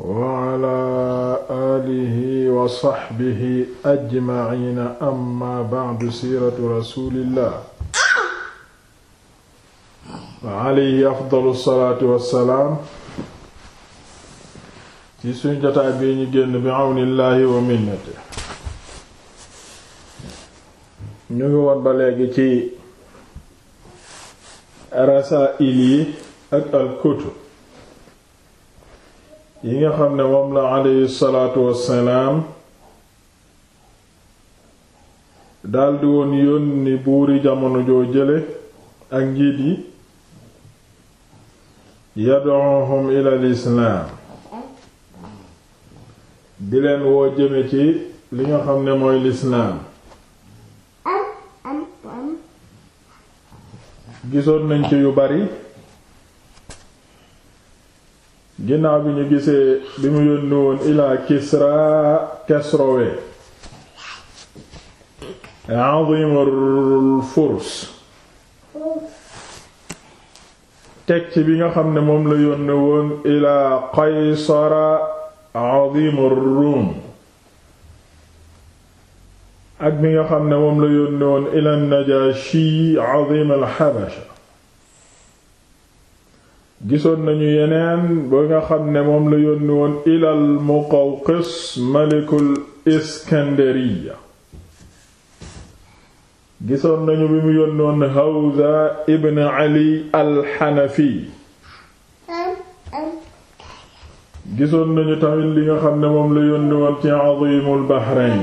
waala alihi wa saxbihi ajmaciina amma bacdu siiratu rasulillah alayhi afdalu salaatu wassalaam ci suñ jotaay bii ñu génn bi awnillahi wa minnati ñu ngi ba léegi ci rasaa'il yi al kutub yi nga xam ne moom la aleyhi salaatu wassalaam daldi woon yónni buuri jamono joo jële ak njiit yi yad'uhum ila al di leen woo jëme ci li nga xam ne mooy lislaam gisoon nañ ci yu bari ginnaaw bi ñu gisee bi mu yónni woon ilaa Kisra Kesrowe azimul furs teg bi nga xam ne moom la yónni woon ilaa Qaysara azimur Rum ak bi nga xam ne moom la yónni woon ilaa Najashi azimul Habasha gisoon nañu yeneen ba nga xam ne moom la yónni woon ilal Muqawqis malikul Iskandariya gisoon nañu bi mu yónni woon Hawza ibn Ali al gisoon nañu tamit li nga xam ne moom la yónni woon ci Azimul Bahrayn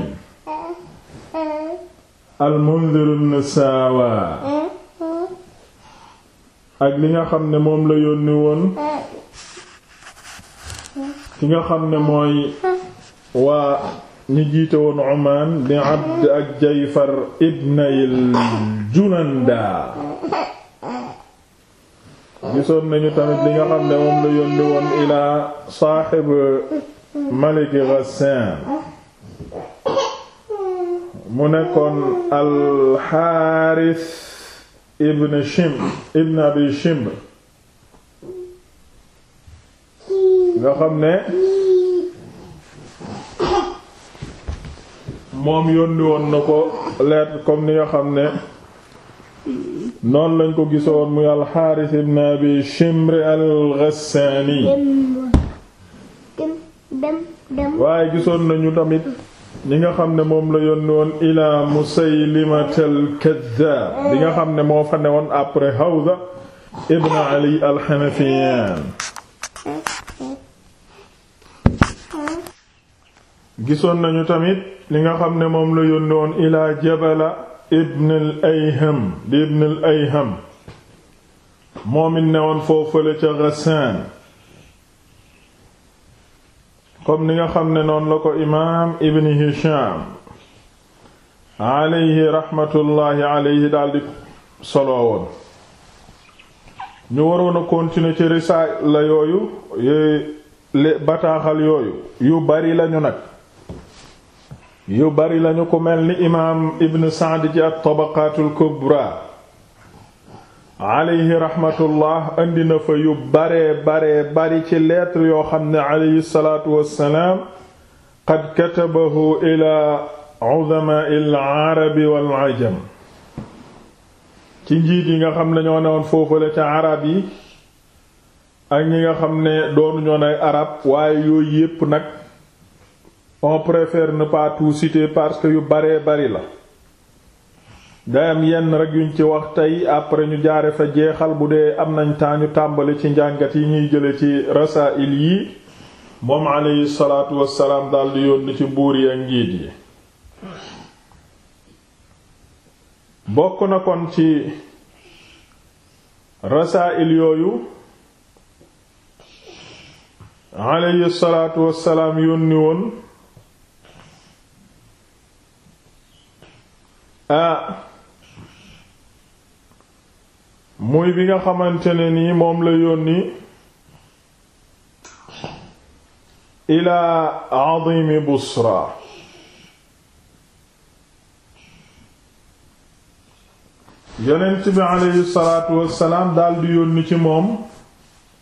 al-Mundhir ibn Sawa ak li nga xam ne moom la yónni woon ki nga xam ne mooy waa ñu jiite woon Oman di Abd ak Jayfar ibnayil Julanda gisoon nañu tamit li nga xam ne moom la yónni woon ilaa saaxib Malik Ghassan mu nekkoon al Xaaris ibn Shimr ibn Abi Shimr nga xam ne moom yónni woon na ko lettre comme ni nga xam ne noonu lañ ko gisoon muy al-Harith ibn Abi Shimr al-Ghassani waaye gisoon nañu tamit li nga xam ne moom la yónni woon ila musaylimatal kaddaab li nga xam ne moo fa ne woon après hawza ibn ali alxanafiyan gisoon nañu tamit li nga xam ne moom la yónni woon ila jabala ibn al ayham moom it ne woon foofale ca Ghassan comme ni nga xam ne noonu la ko imaam ibn hisham aleyhi raxmatullaahi aleyhi daldi solo woon ñu waroon a continuer ci risaala yooyu yi bataaxal yooyu yu bari lañu nag yu bari lañu ko mel ni imaam ibn saad ci at-tabaqaatul kubra alayhi rahmatullah indi na fa yu baree baree bari ci lettre yoo xam ne alayhi salaatu wassalaam qad katabahu ila udamaai al-arabi wal-ajam ci njiit yi nga xam ne ñoo newoon foofale ca arab yi ak ñi nga xam ne doonu ñoo nay arab waaye yooyu yépp nag on préfère ne pas tout parce que yu bare bari la dayam yenn rekk yuñ ci wax tey après ñu jaare fa jeexal bu dee am nañ temps ñu tàmbali ci njàngat yi ñuy jële ci rasaa'il yi moom aleyhi salaatu wassalaam daldi yónni ci buur yi ak njiit yi bokk na kon ci rasaa'il yooyu aleyhi salaatu wassalaam yónni woon ah, muy bi nga xamante ne nii moom la yónni ilaa azimi busra yonent bi aleyhi salaatu wassalaam daldi yónni ci moom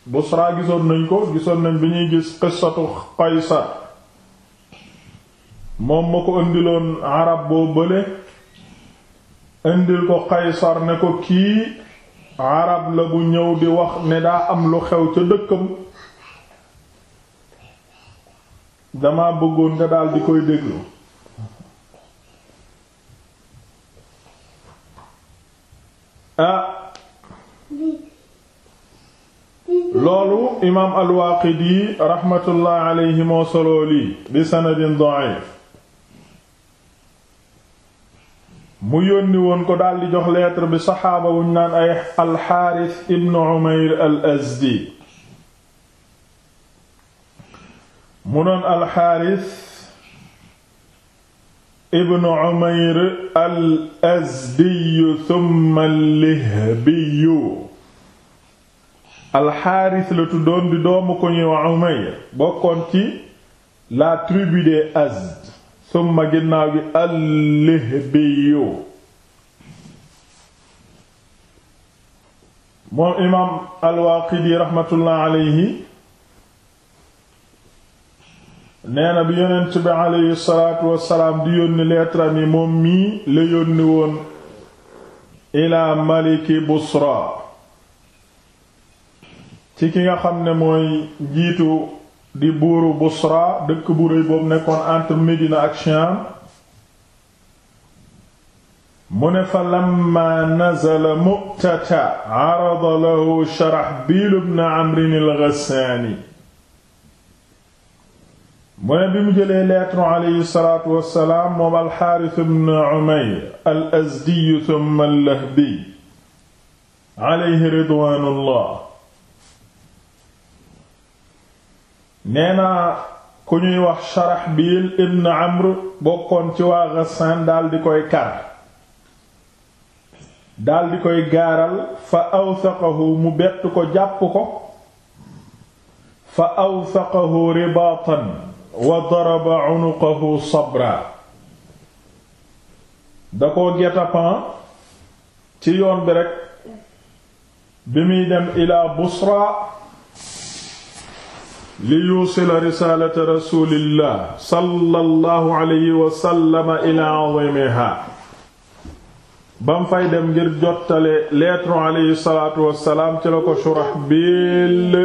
busra gisoon nañ ko gisoon nañ bi ñuy gis qissatu qaysar moom ma ko indiloon arab boo bële indil ko qaysar ne ko kii arab la bu wax ne am lu xew ca dëkkam dama bëggoon nga daal koy déglu ah loolu imaam al-Waaqidi raxmatullahi moo solo lii bi sanadin da'if mu yónni woon ko daldi jox lettre bi saxaaba wuñ naan ay alxaaris ibnu umayr al azdi mu lihbiyu alxaaris la tuddoon di doomu ko ñuy wax bokkoon ci la tribu des azd summa ginnaaw gi al-Lihbiyu moom imaam al-Waaqidi raxmatullah alayhi nee bi yonent bi alayhi salaatu di yónni leetaram yi moom mii la yónni woon ilaa maliki Busra ci ki nga xam ne mooy jiitu di buuru Busra dëkk bu réy boobu nekkoon entre Médina ak Sham mu ne fa lamma nazala Mu'tata arada lahu Sharahbil ibn Amr al-Ghassani mu ne bi mu jëlee lettre alayhi salaatu wassalaam moom al-Harith ibn Umayr al-Azdi thumma al-Lahbi alayhi ridwaanullah nee na ku ñuy wax Sharaxbiil ibn Amr bokkoon ci waa Ghassan daldi koy kar daldi koy gaaral fa awsaqahu mu bett ko jàpp ko fa awsaqahu ribaatan wa daraba unuqahu sabra da ko guet-apens ci yoon bi rekk bi muy dem ila Busra li yuusila risaalata rasuulillah sallallahu alayhi wa sallam ilaa azimiha fay dem ngir jottale lettre alayhi salaatu wassalaam ci la ko Shurahbiil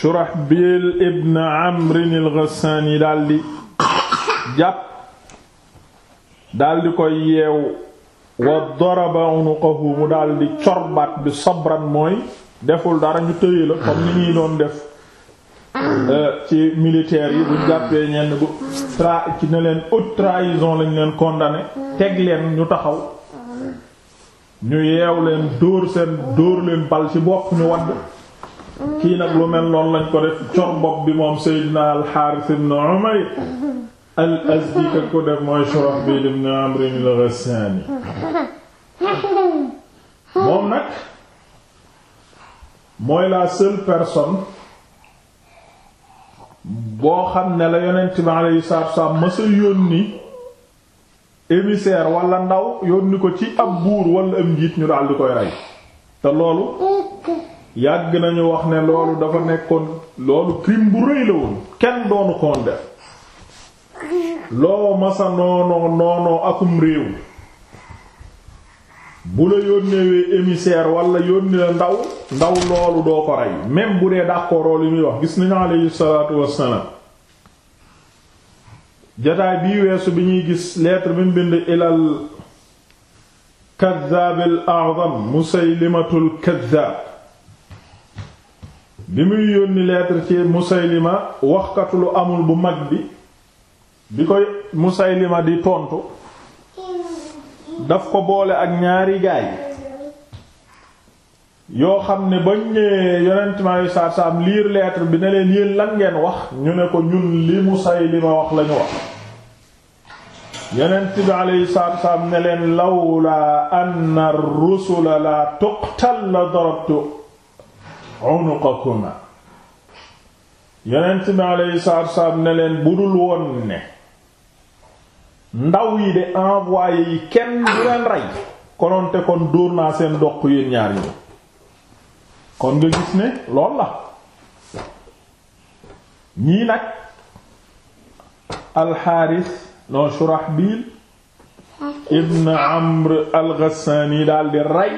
Shurahbiil ibn Amrin al-Ghassaani daldi jàpp daldi koy yeew wa daraba unuqahu mu daldi corbaat bi sabran mooy deful dara ñu tëye la comme ni ñuy doon def euh, ci militaires yi buñ jàppee ñenn bu tra ci ne leen haute trahison lañ leen condamné teg leen ñu taxaw ñu yeew leen dóor seen dóor leen bal ci bopp ñu wadd kii nag lu mel noonu lañ ko def cor bi moom Seydina al-Harith ibn Umayr al-Azdi ko def mooy Shurahbil ibn Amr al-Ghassani moom nag mooy la seule personne boo xam ne la yonent bi alayhi salaatu wasallam mësa yónni émissaire wala ndaw yónni ko ci ab buur wala ak njiit ñu daal koy rey te loolu yàgg nañu wax ne loolu dafa nekkoon loolu crime bu rëy la woon kenn doonu koon def loo masa noonoo noonoo akum réew bu la yónnewee émissaire wala yónni la ndaw ndaw loolu doo ko rey même bu dee d'accord li muy wax gis nañu alayhi salaatu wassalaam jataay bii weesu bi ñuy gis lettre bi mu bind ilal kaddaabil a'zam musaylimatul kaddaab bi muy yónni lettre ci musaylima lu amul bu mag bi bi koy musaylima di tontu daf ko boole ak ñaari gaay yoo xam ne bañ ñëwee yonent ma yu saar saam liir lettre bi ne leen yéen lan ngeen wax ñu ne ko ñun li Musaylima wax lañu wax yonent bi alayhi salaatu salaam ne leen lawlaa anna rusula laa tuqtal la darabtu unuqakuma yonent bi alayhi salaatu salaam ne leen budul woon ne ndaw yi de envoyé yi kenn du leen rey kononte kon dóor naa seen doq yéen ñaar ñi kon nga gis ne lool la ñii nag alxaaris noo Shurahbil ibn Amr al-Ghassani daal di rey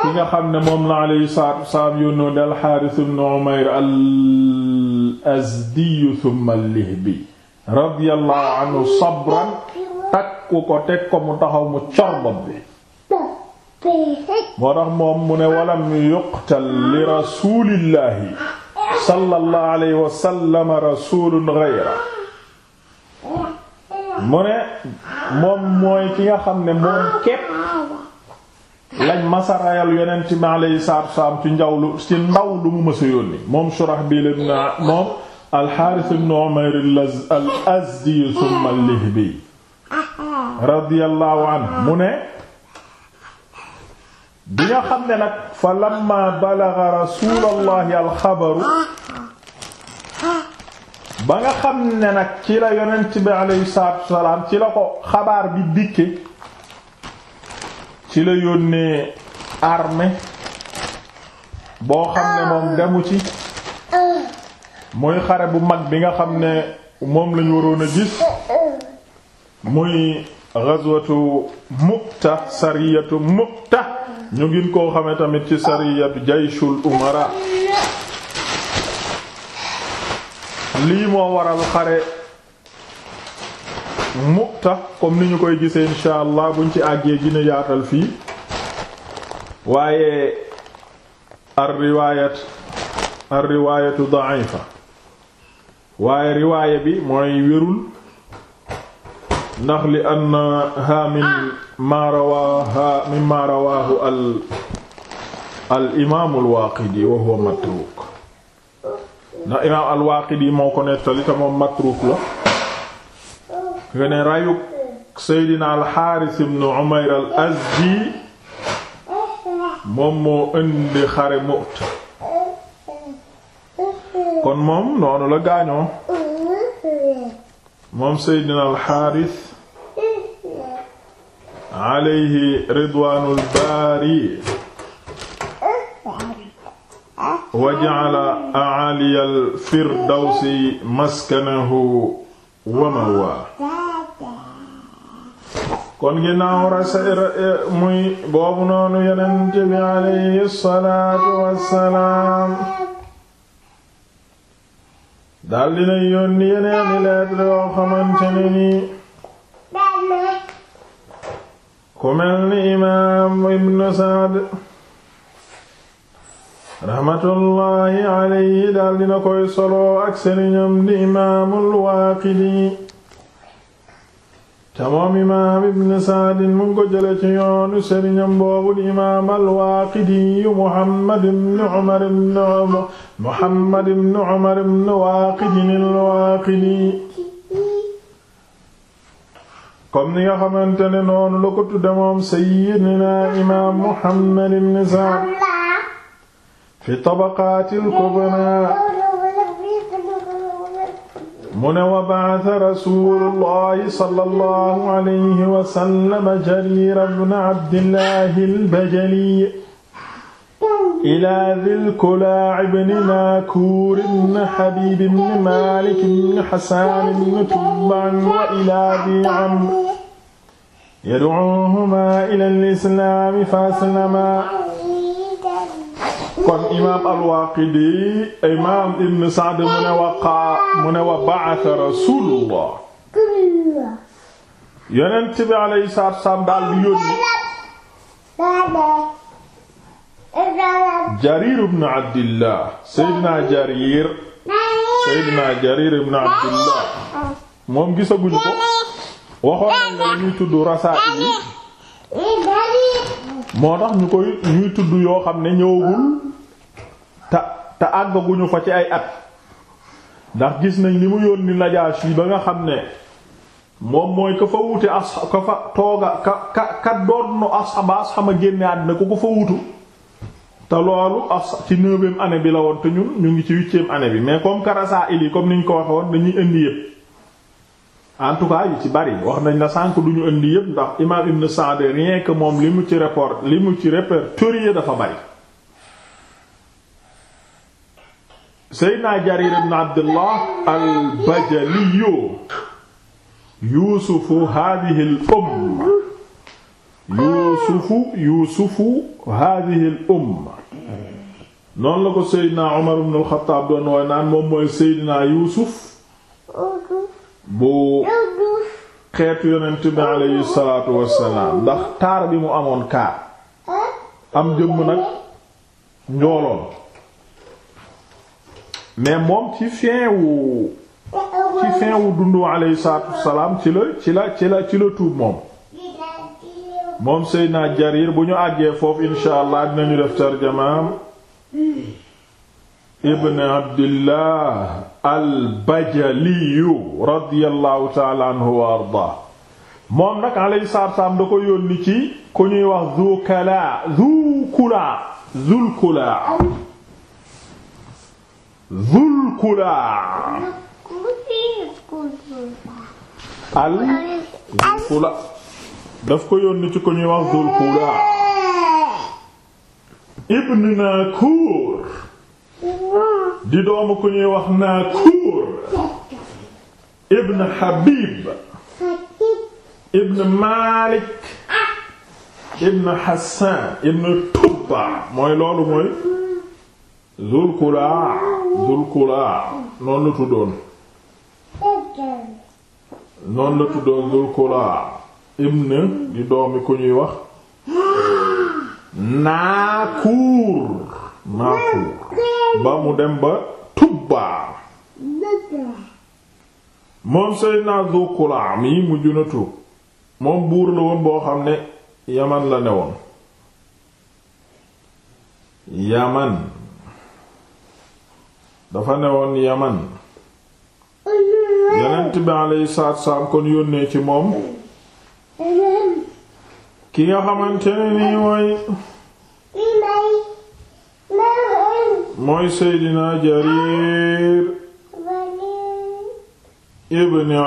ki nga xam ne moom la alayhi salaatu wassalaam yónnoo di alxaaris ibn Umayr al-Azdi thumma al-Lihbi radiyallahu anhu sabran ko teg ko mu taxaw mu corbob bi moo tax moom mu ne walam yuqtal li rasulillahi sallallahu alayhi wa sallam rasulun ghayra mu ne moom mooy ki nga xam ne moom képp lañ masarayal yonent mi alayhi salaatu wa salaam ci njawlu ci ndaw lu mu mësa yónni moom Surahbil ibn moom alxaaris ibn umayr al azdi summa lihbi radiyallahu anhu mu ne bi nga xam ne nag fa lamma balaga rasulallahi alxabaru ba nga xam ne nag ci la yonent bi aleyhi salaatu wasalaam ci la ko xabaar bi dikke ci la yónnee armée boo xam ne moom demu ci muy xare bu mag bi nga xam ne moom lañu waroon a gis muy ghazwatu Mu'ta sariyatu Mu'ta ñu gën koo xame tamit ci sariyatu jayshul umara lii moo waral xare mukta comme ni ñu koy gisee insha allah buñ ci àggee gina yaatal fii waaye ar riwaayat ar riwaayatu da'ifa waaye riwaaya bi mooy wérul ndax li annaha min ma rawaaha min ma rawaahu al al imaamul wa huwa matruuk ndax imaam al waaqidi moo ko nettali te matruuk la nga rayuk seydina al xaaris ibn umayr al azdi moom moo indi xare Mu'ta kon moom noonu la gaañoo moom seydina alxaaris alayhi ridwaanul baari wa ja'ala a'aliyal firdawsi maskanahu wa mawaa kon ginnaaw rasa e, muy boobu noonu yonent bi alayhi salaatu wassalaam daal dinay yónni yeneeni lettre yoo xamante ne nii ku mel ni imaam ibn Saad raxmatullaahi alayhi daal dina koy solo ak sëriñam di imaamul Waaqidi te imaam ibn saadin mu ngi ko jële ci yoonu sëriñam boobu di imaam al-Waaqidi yu Muhammad ibn Umar ibn Muhammad ibn Umar ibn Waaqidi al-Waaqidi comme ni nga xamante ne noonu la ko tudde moom sayyidina imaam Muhammad ibn Saad fi tabaqaatil kubraa mu ne wa ba'atha rasuulullahi sallallahu alayhi wa sallam Jariir ibn Abdillahi al-Bajali ilaa Dhil Kulaa' ibn Maakuur ibn Habiib ibn Maalik ibn Hasaan ibn Tubbaan wa ilaa Dhi Amr yad'uuhumaa ilal islaam fa aslamaa kon imaam al-Waaqidi imaam Ibn Sa'd mu ne waqaa mu ne wa ba'atha rasuulullah yonent bi alayhi salaatu wa daal di yónni Jariir ibn Abdillah Seydina Jariir Seydina Jariir ibn Abdillah moom gisaguñu ko waxoon nañ ñuy tudd rasaa'il moo tax ñu koy ñuy tudd yoo xam ne ñëwagul te te àggaguñu fa ci ay at ndax gis nañ li mu yónni Najaashi ba nga xam ne moom mooy ka fa wuute as ka fa tooga ka ka ka doon nu as ba as xama génne àddina ku ko fa wutu te loolu as ci neuvième année bi la woon te ñun ñu ngi ci huitième ane bi mais comme karasa ili comme niñ ko waxe woon dañuy indi yépp en tout cas yu ci bari wax nañ la sànk duñu indi yépp ndax imam Ibn Sa'd rien que moom li mu ci rapport li mu ci répertorié dafa bari seydna jarir ibn abdullah albajaliyu yuusufu hadihi l yuusufu yuusufu hadihi l noonu la ko seydna umar ibn alxataab doon wooy naan bu xeetu yonent bi aleyhi salaatu wassalaam ndax taar bi mu amoon kaar am jëmm nag njooloon mais moom ci fin wu ci fin wu dundu alayhi salaatu wassalaam ci la ci la ci la ci la tuub moom moom Seydina Jarir bu ñu àggee foofu insha allah dinañu def tarjamaam ibn abdillah albajaliyu radiallahu taala anhu ardaa moom nag alayhi da ko yónni ci ku ñuy wax zu kala zu kula zul kula Kula. al daf ko yónni ci ko ñuy wax Zul Kula. Ibn Nakur. di doomu ku ñuy wax Nakur. Ibn Habib. Ibn Malik. Ibn Hassan Ibn Tubba mooy loolu mooy. Zul Kula. zulkulaa noonu la tuddoon noonu la tuddoon zulkulaa ibn di doomi ku ñuy wax naakuur naakuur ba mu dem ba tubbaa moom Seydina zulkulaa mi mujj na moom buur la woon boo xam ne yaman la ne woon dafa newoon yaman yonent bi alayhi salaatu salaam kon yónnee ci moom ki nga xamante ne nii mooy mooy seydina jarir ibni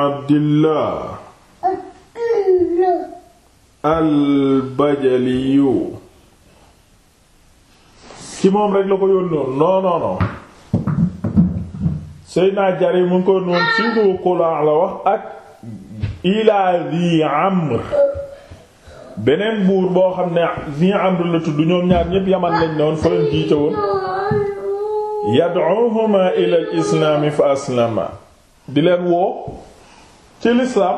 ci moom rekk la ko yónnoon non Seydina Jarir mu ngi ko noon ci lu la wax ak ilaa Zi Amr beneen buur boo xam ne Zi Amr la tudd ñoom ñaar ñépp Yaman lañ ne woon fa leen jiite woon yad'uhuma ila al-islaam fa aslama di leen woo ci lislaam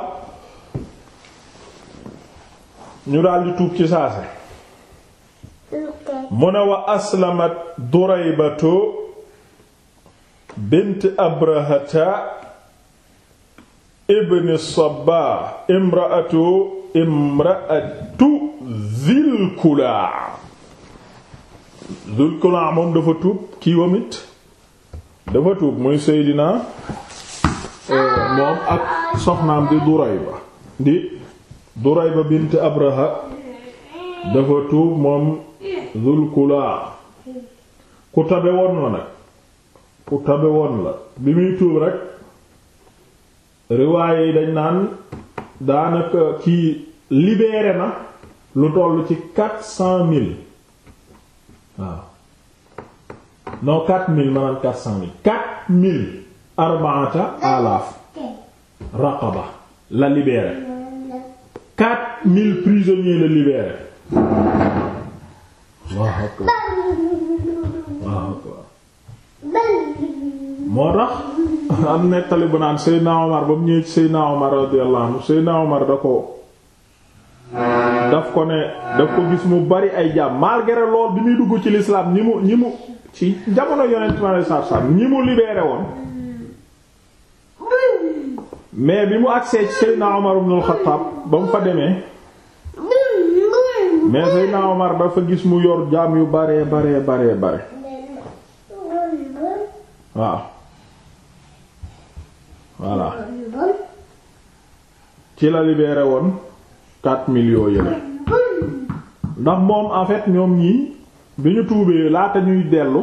ñu daldi tuub ci saase mu ne wa aslamat Duraybatu bint abrahata ibn sabah imraatu imraatu zulkulaa zulkulaa moom dafa tuub kii dafa tuub muy seydinaa eh, moom ak soxnaam di durayba di durayba bint abraha dafa tuub moom zulkulaa ku tabe woon na nag ku tabe woon la bi muy tuub rek riwaaye yi dañ naan daanaka kii libéré na lu toll ci quatre cent mille waaw non quatre mille maanaam quatre cent mille alaaf raqaba la libéré quatre mille la libéré waaw waaw moo tax am nettali bu naan Seydina Omar ba mu ñëwee ci Seydina Omar radiyallahu anhu Seydina Omar da ko ne daf ko gis mu bari ay jaam malgré lool bi muy dugg ci lislaam ñi mu ñi mu ci jamono yonent mi alayhi salaatu salaam ñi mu libéré woon mais bi mu agsee ci Seydina Omar ibn al-Khattab ba mu fa demee mais Seydina Omar dafa gis mu yor jaam yu bare bare bare bare waaw voilà ci la libéré woon quatre millions yële ndax moom en fait ñoom ñii bi ñu tuubee laata ñuy dellu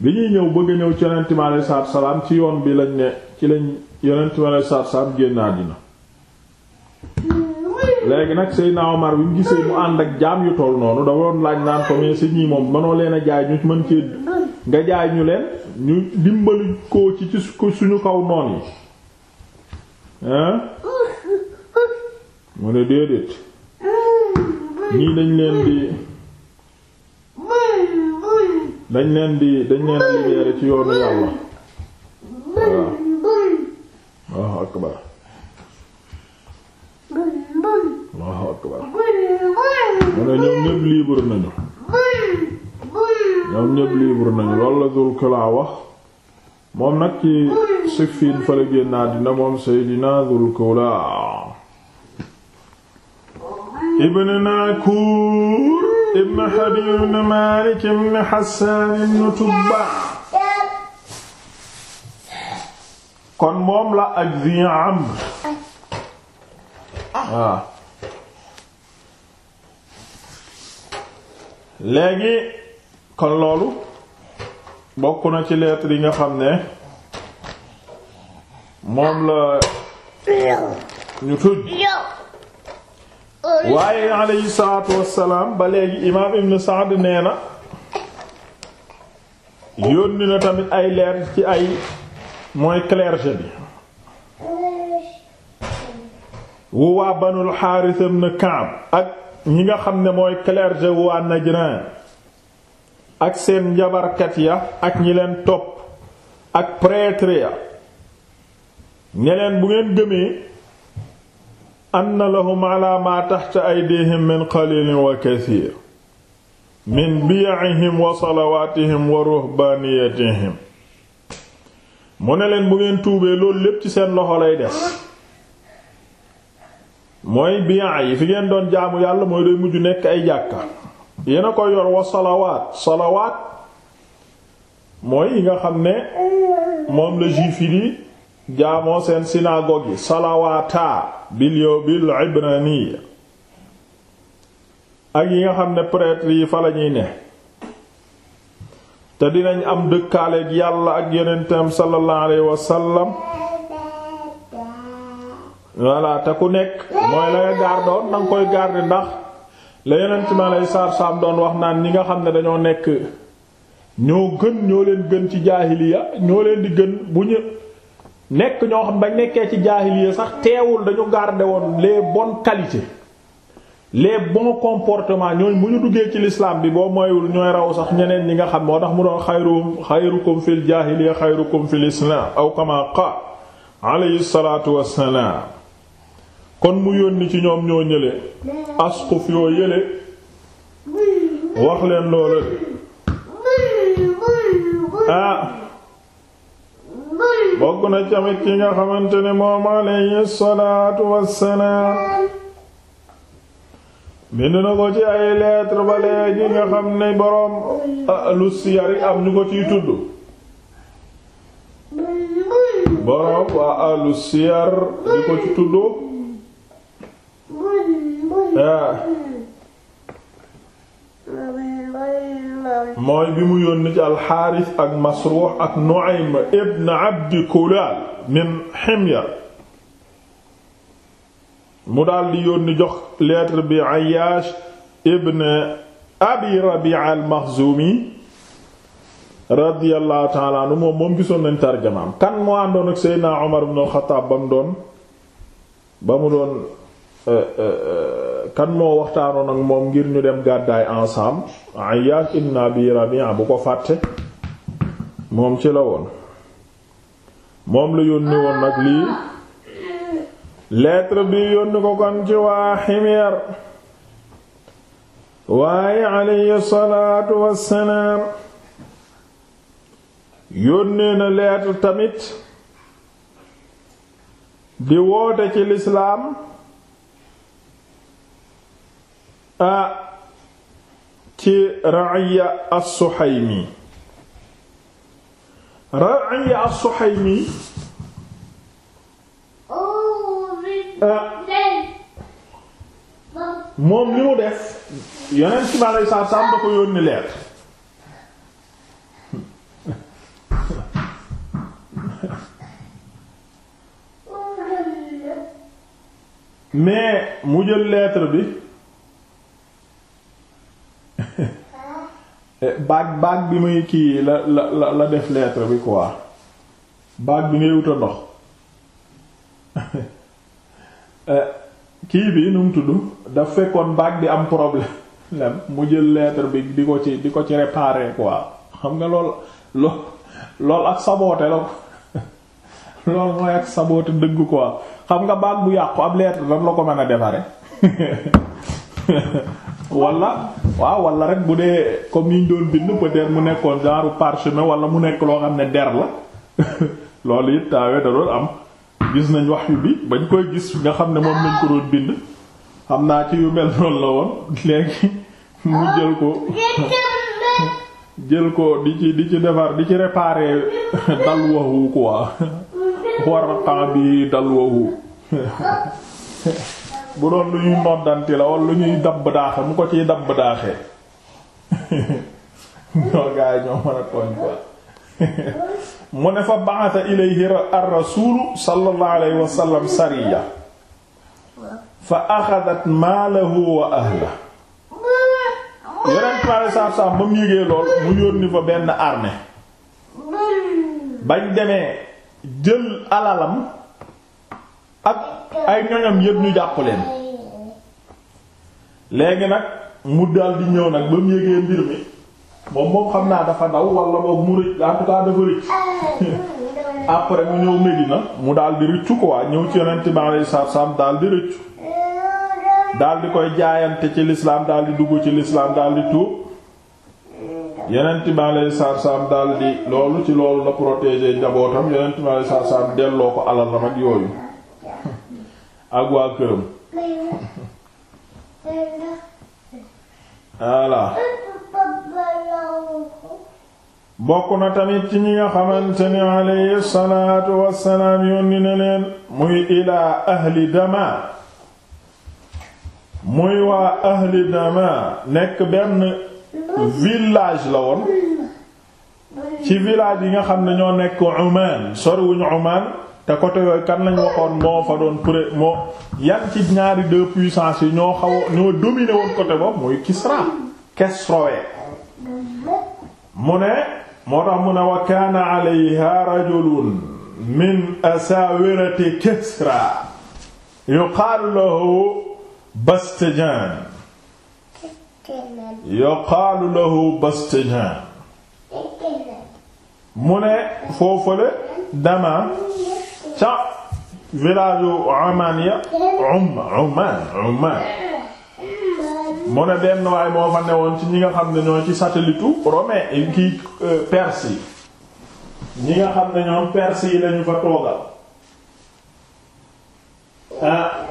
bi ñuy ñëw bëgg ñëw ci yonent mi aleyhi salaatu salaam ci yoon bi lañ ne ci lañ yonent mi aleyhi salaatu salaam génn àddina léegi nag Seydina Omar bi mu gisee mu ànd ak jaam yu toll noonu da doon laaj naan ko mais si ñii moom mënoo leen a jaay ñu mën cee nga jaay ñu leen ñu dimbali koo ci ci suñu kaw noon yi hein mu ne déedéet ñii dañ leen di dañ leen di dañ leen libéré ci yoonu yàlla waaw Allahu akbar Allahu akbar mu ne ñoom ñépp libre nañu ñoom ñëpp libre nañu loolu la Dul Kalaa wax moom nag ci Siffin fa la génn moom Seydina Dul Kalaa ibn Naakuur ibn Habib ibn Maalik ibn Hassaan ibn Tubba kon moom la ak kon loolu bokk na ci lettre yi nga xam ne moom la ñu tudd waaye alayhi salaatu wassalaam ba léegi imaam ibn Sa'd nee na yónni na tamit ay leer ci ay mooy clergé bi wu waa banul Harith ibn Ka'b ak ñi nga xam ne mooy clergé wu waa Najran ak seen njabarkat ya ak ñi leen topp ak prêtre ya ne leen bu ngeen gëmee anna lahum ala ma taxta aydihim min qalilin wa kathir min biyaihim wa salawatihim wa ruhbaniyatihim mu ne leen bu ngeen tuubee loolu lépp ci seen loxo lay des mooy biyaa yi fi ngeen doon jaamu yàlla mooy day mujj nekk ay jàkka yéena ko yor wa salawaat salawaat mooy yi nga xam ne moom la juif yi di jaamoo seen synagogue yi salawaata bil yow bil ibraniya ak yi nga xam ne prêtre yi fa lañuy ne te dinañ am dëkkaaleeg yàlla ak yonentam sallallahu alayhi wasallam voilà te ku nekk mooy la nga gardoon nanga koy garder ndax la yonent mi alayhi salaatu salaam doon wax naan ñi nga xam ne dañoo nekk ñoo gën ñoo leen gën ci jaahiliya ñoo leen di gën bu ñu nekk ñoo xam bañ nekkee ci jaahiliya sax teewul dañu garder woon les bonnes qualités les bons comportements ñooñ bu ñu duggee ci lislaam bi boo moywul ñooy raw sax ñeneen ñi nga xam moo tax mu doon xayrum xayrukum fil jaahiliya xayrukum fil islam aw kama qaala salaatu wassalaam kon mu yónni ci ñoom ñoo ñële asquf yoo yële wax leen loolu ah bokk na tamit ci nga xamante ne moom alayhi salaatu wassalaam bind na ko ci ay lettre ba léegi nga xam ne boroom lu siyari am ñu ko ciy tudd boroom wa alu siyar ñu ko ci tudd Ah. mooy bi mu yónni ci alxaaris ak masruux ak nu'aym ibn abdi kulaal min ximyar mu daldi yónni jox lettre bi ayaash ibn abi rabia al-maxzumi radiyallahu moom moom gisoon nañ tarjamaam kan moo àndoon ak seydina omar ibn xataab ba mu doon ba mu doon Euh, euh, euh, kan moo waxtaanoon ak moom ngir ñu dem gàddaay ensemble Ayyash ibn Rabi'a bu ko fàtte moom ci la woon moom la yónni woon nag lii lettre bi yónni ko kon ci waa Himyar waaye alayhi salaatu wassalaam yónnee na lettre tamit di woote ci lislaam ci Ra'iya as-Suhaymi Ra'iya as-Suhaymi moom mu def yeneen ci ma lay saa saam ko yónni leer mais mu jël lettre bi Eh, baag baag bi muy kii la la la def lettre bi quoi baag bi ngay wut ndox eh, kii bi nu mu tudd daf fekkoon baag bi am problème mu jël lettre bi di ko ci di ko ci réparer quoi xam nga lool lool ak saboote la lool mooy ak sabote dëgg quoi xam nga baag bu yàqu ab lettre lan la ko mën a defaree walla. waaw wala rek bu dee comme yi ñu doon bind peut-être mu nekkoon genre parchemin wala mu nekk loo xam ne der la loolu it taawee da am gis nañ wax yu bi bañ koy gis nga xam ne moom lañ ko doon bind xam naa ci yu mel noonu la woon léegi mu jël ko jël ko di ci di ci defar di ci réparer dal waxu quoi war a bi dal waxu bu doon lu ñuy noddanti la wala lu ñuy dabb daaxe mu ko ci dabb daaxee ñoo gaa yi ñoo mën a tooñ quoi mu ne fa ba'atha ilayhi ar-rasuulu sallallahu alayhi sariya fa axadat maalahu wa ahlahu yeneen pare saab-saab ba mu yégee lool mu yónni fa benn armée bañ demee jël alalam ak ay ñoñam yépp ñu jàpp leen léegi nag mu dal di ñëw nag ba mu yëgee mbir mi moom moom xam naa dafa daw wala moom mu rëcc en tout dafa rëcc après mu ñëw Medina mu daal di rëccu waa ñëw ci yonent bi alayhi salaam daal di rëccu daal koy jaayante ci lislaam daal di dugg ci lislaam daal di tuub yonent bi alayhi salaam daal di loolu ci loolu la protéger njabootam yonent bi alayhi salaam delloo ko alalam ak yooyu. ak waa këram voilà bokk na tamit ci ñi nga xamante ni alayhi salaatu wassalaam yónni na leen muy ilaa ahli dama muy waa ahli dama nekk benn village la woon ci village yi nga xam ne ñoo nekk Umaan soriwuñu Umaan te côté yooyu kan lañ waxoon moo fa doon pré moo yan ci ñaari deux puissances yi ñoo xaw ñoo dominé woon côté boobu muy Kisra kesrowe mu ne moo tax mu ne wa kaana rajulun min asawirati Kisra yuqaalu lahu Bastijan yuqaalu lahu Bastijan mu ne foofale dama ca village yu Oman ya Oman Oman mu ne benn waay moo fa newoon ci ñi nga xam ne ñoo ci satellite u Romain eh, kii euh, Perse yi ñi nga xam ne ñoom Perse yi lañu fa toogal ah.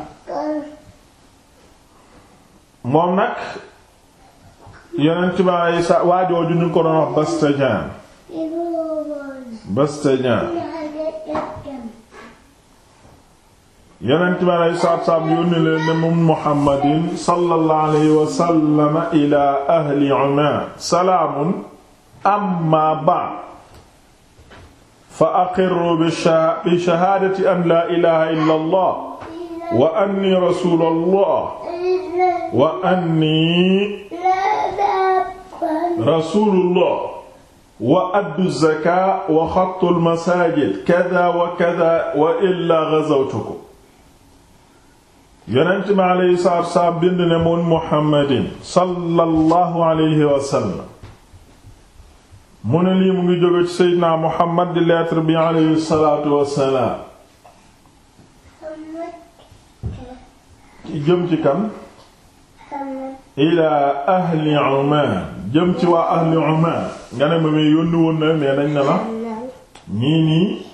moom nag yonent bi sa waajooju ñu ko doon wax Bastajan Bastajan yonent bi aleyhi salaatu salaam yónni leen ne moom muhammadin sallallahu alayhi wa sallam ila ahli Oman salaamun amma ba fa aqirru bi shahaadati an laa ilaaha illallah wa anni rasuulullah wa anni rasuulullah wa addu zakaa wa xattul masaajid kadaa wa kadaa wa illaa ghazawtukum yonent mi aleyhi salaatu salaam bind ne moon muhammadin sallallahu alayhi wa mu ne lii mu ngi jóge ci seydinaa muhammad di lettre bi aleyhi salaatu jëm ci kan ilaa ahli Oman jëm ci waa ahli Oman nga ne ma mee yónni woon na mais dañ ne la nii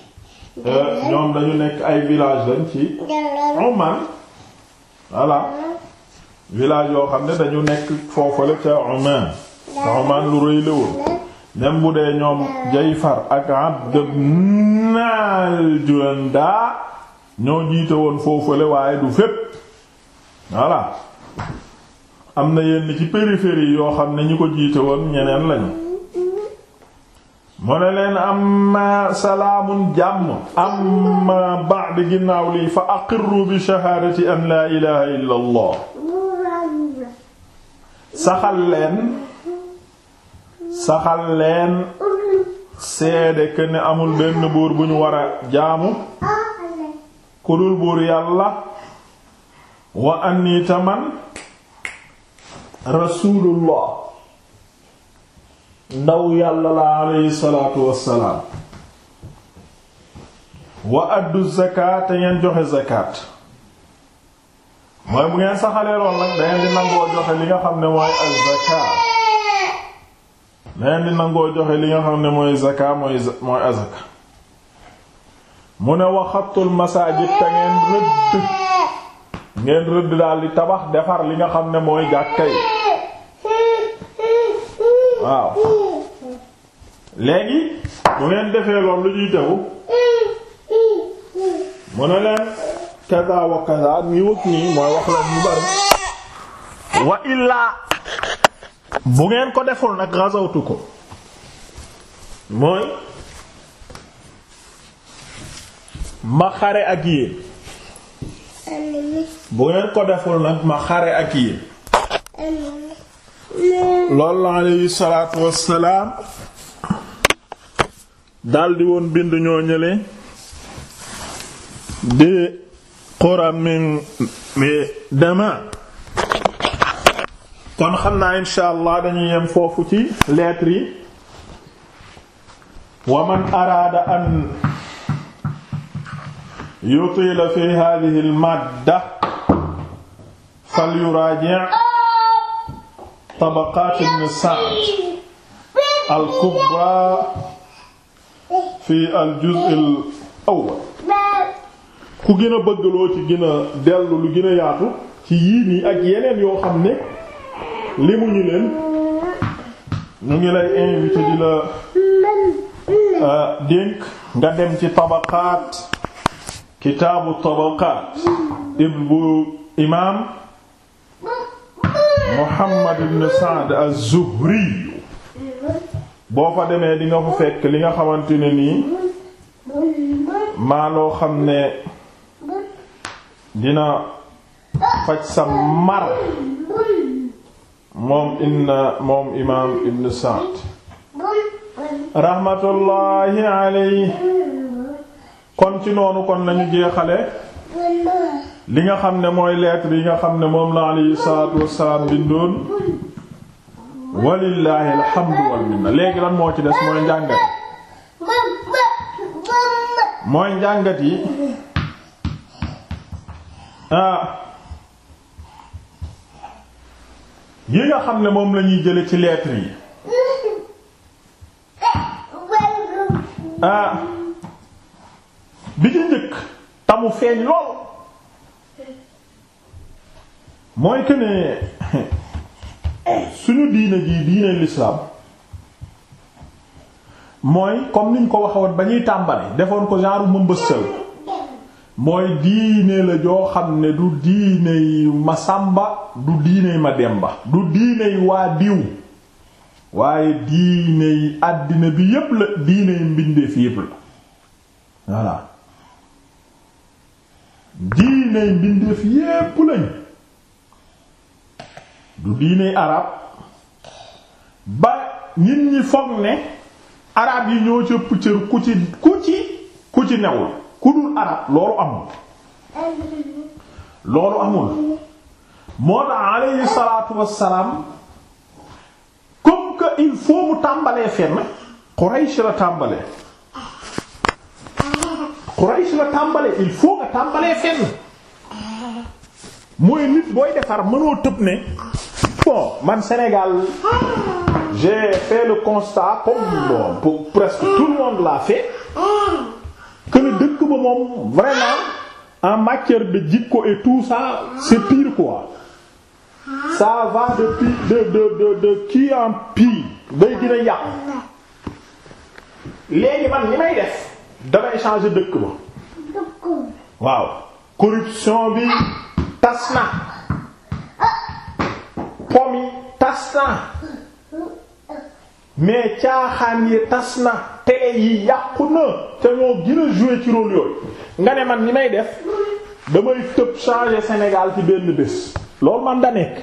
euh, ñoom dañu nekk ay village lañ ci Oman voilà village yoo xam ne dañu nekk foofale ca Oman Oman lu rëy la bu dee ñoom Jayfar ak Abd ibn al-Junda ñoo jiite woon foofale waaye du fépp voilà am na yenn ci périphérie yoo xam ne ñi ko jiite woon ñeneen lañu mu ne leen amma salaamun jàmm amma ba'd ginnaaw lii fa aqirru bi shahaadati an laa ilaha illa allah saxal leen saxal leen seede que ne amul benn buur bu ñu war a jaamu ku dul buur yàlla wa anni taman rasulullah ndaw yàlla la aleyhi salaatu wassalaam wa addu zakat te ngeen joxe zakat mooy bu ngeen saxalee lool nag nangoo joxe li nga xam ne mooy al zakat da joxe li nga xam ne mooy zakat mooy mu ne wa xattul masaajid te ngeen rëdd ngeen rëdd daal di tabax defar li nga xam ne mooy jàkka yi waaw léegi bu ngeen defee loolu lu ñuy tegu mu ne leen kaza wa kaza nii wëkk nii mooy wax la ñu bari wa illaa bu ngeen ko deful nag ghazawtu ko mooy ma xare ak yéen bu ngeen ko deful nag ma xare ak yéen loolu la alayhi salaatu wassalaam daldi woon bind ñoo ñële di quramin mi dama kon xam naa insha allah dañu yem foofu ci lettre yi wa man araada an yutila fi hadhihi al madda falyuraji' tabaqat an-nisaa'i al-kubra fi al juz'il awwal ku gën a bëggloo ci gën dellu lu gëna yaatu ci yii nii ak yeneen yoo xam ne li mu ñu leen ñu ngi lay invité di la ah, dénk nga dem ci tabaqaat kitaabu tabaqaat ibnu imaam Muhammad ibn Sa'd az-Zuhri boo fa demee di nga fa fekk li nga xamante ne nii maa xam ne dina faj sa mar moom inna moom imaam ibn Sa'd rahmatullahi alayhi kon ci noonu kon lañu jeexale li nga xam ne mooy lettre yi nga xam ne moom la alayhi salaatu wassalaam bindoon walillahi alhamdu wal léegi lan moo ci des mooy njàngat yi mooy ah. yi nga xam ne moom lañuy jële ci lettre yi ah. bi ci njëkk tamu feeñ lool mooy que waaye suñu diine jii diine lislaam mooy comme niñ ko waxe woon ba tàmbali defoon ko genre mëmbësal mooy diine la joo xam ne du diiney ma sàmba du diiney ma demba du diiney waa diw waaye diiney àddina bi yépp la diiney mbindeef mbindeef yépp lañ du diine arab ba nit ñi foog ne arab yi ñoo cëpp cër ku ci ku ci ku ci newul ku dul arab loolu amul loolu amul moo tax alayhi wassalaam comme que il faut mu tàmbalee fenn Quraysh la tàmbalee Quraysh la tàmbalee il faut nga tàmbalee fenn mooy nit booy defar mënoo tëb ne bon man Sénégal j'ai fait le constat comme ah. pour presque tout le monde l'a fait ah. que dëkk ba moom vraiment ah. en matière de jikko et tout ça c'est pire quoi ça va de pire de de de de qui en pire day gën léegi man li may def damay changer dëkk ba waaw corruption bi tas na pom yi tas na mais caaxaan yi tas na télé yi yàqu na te ñoo gën a jouer ci rôle yooyu nga ne man ni may def damay tëb changer Sénégal ci benn bés loolu man da nekk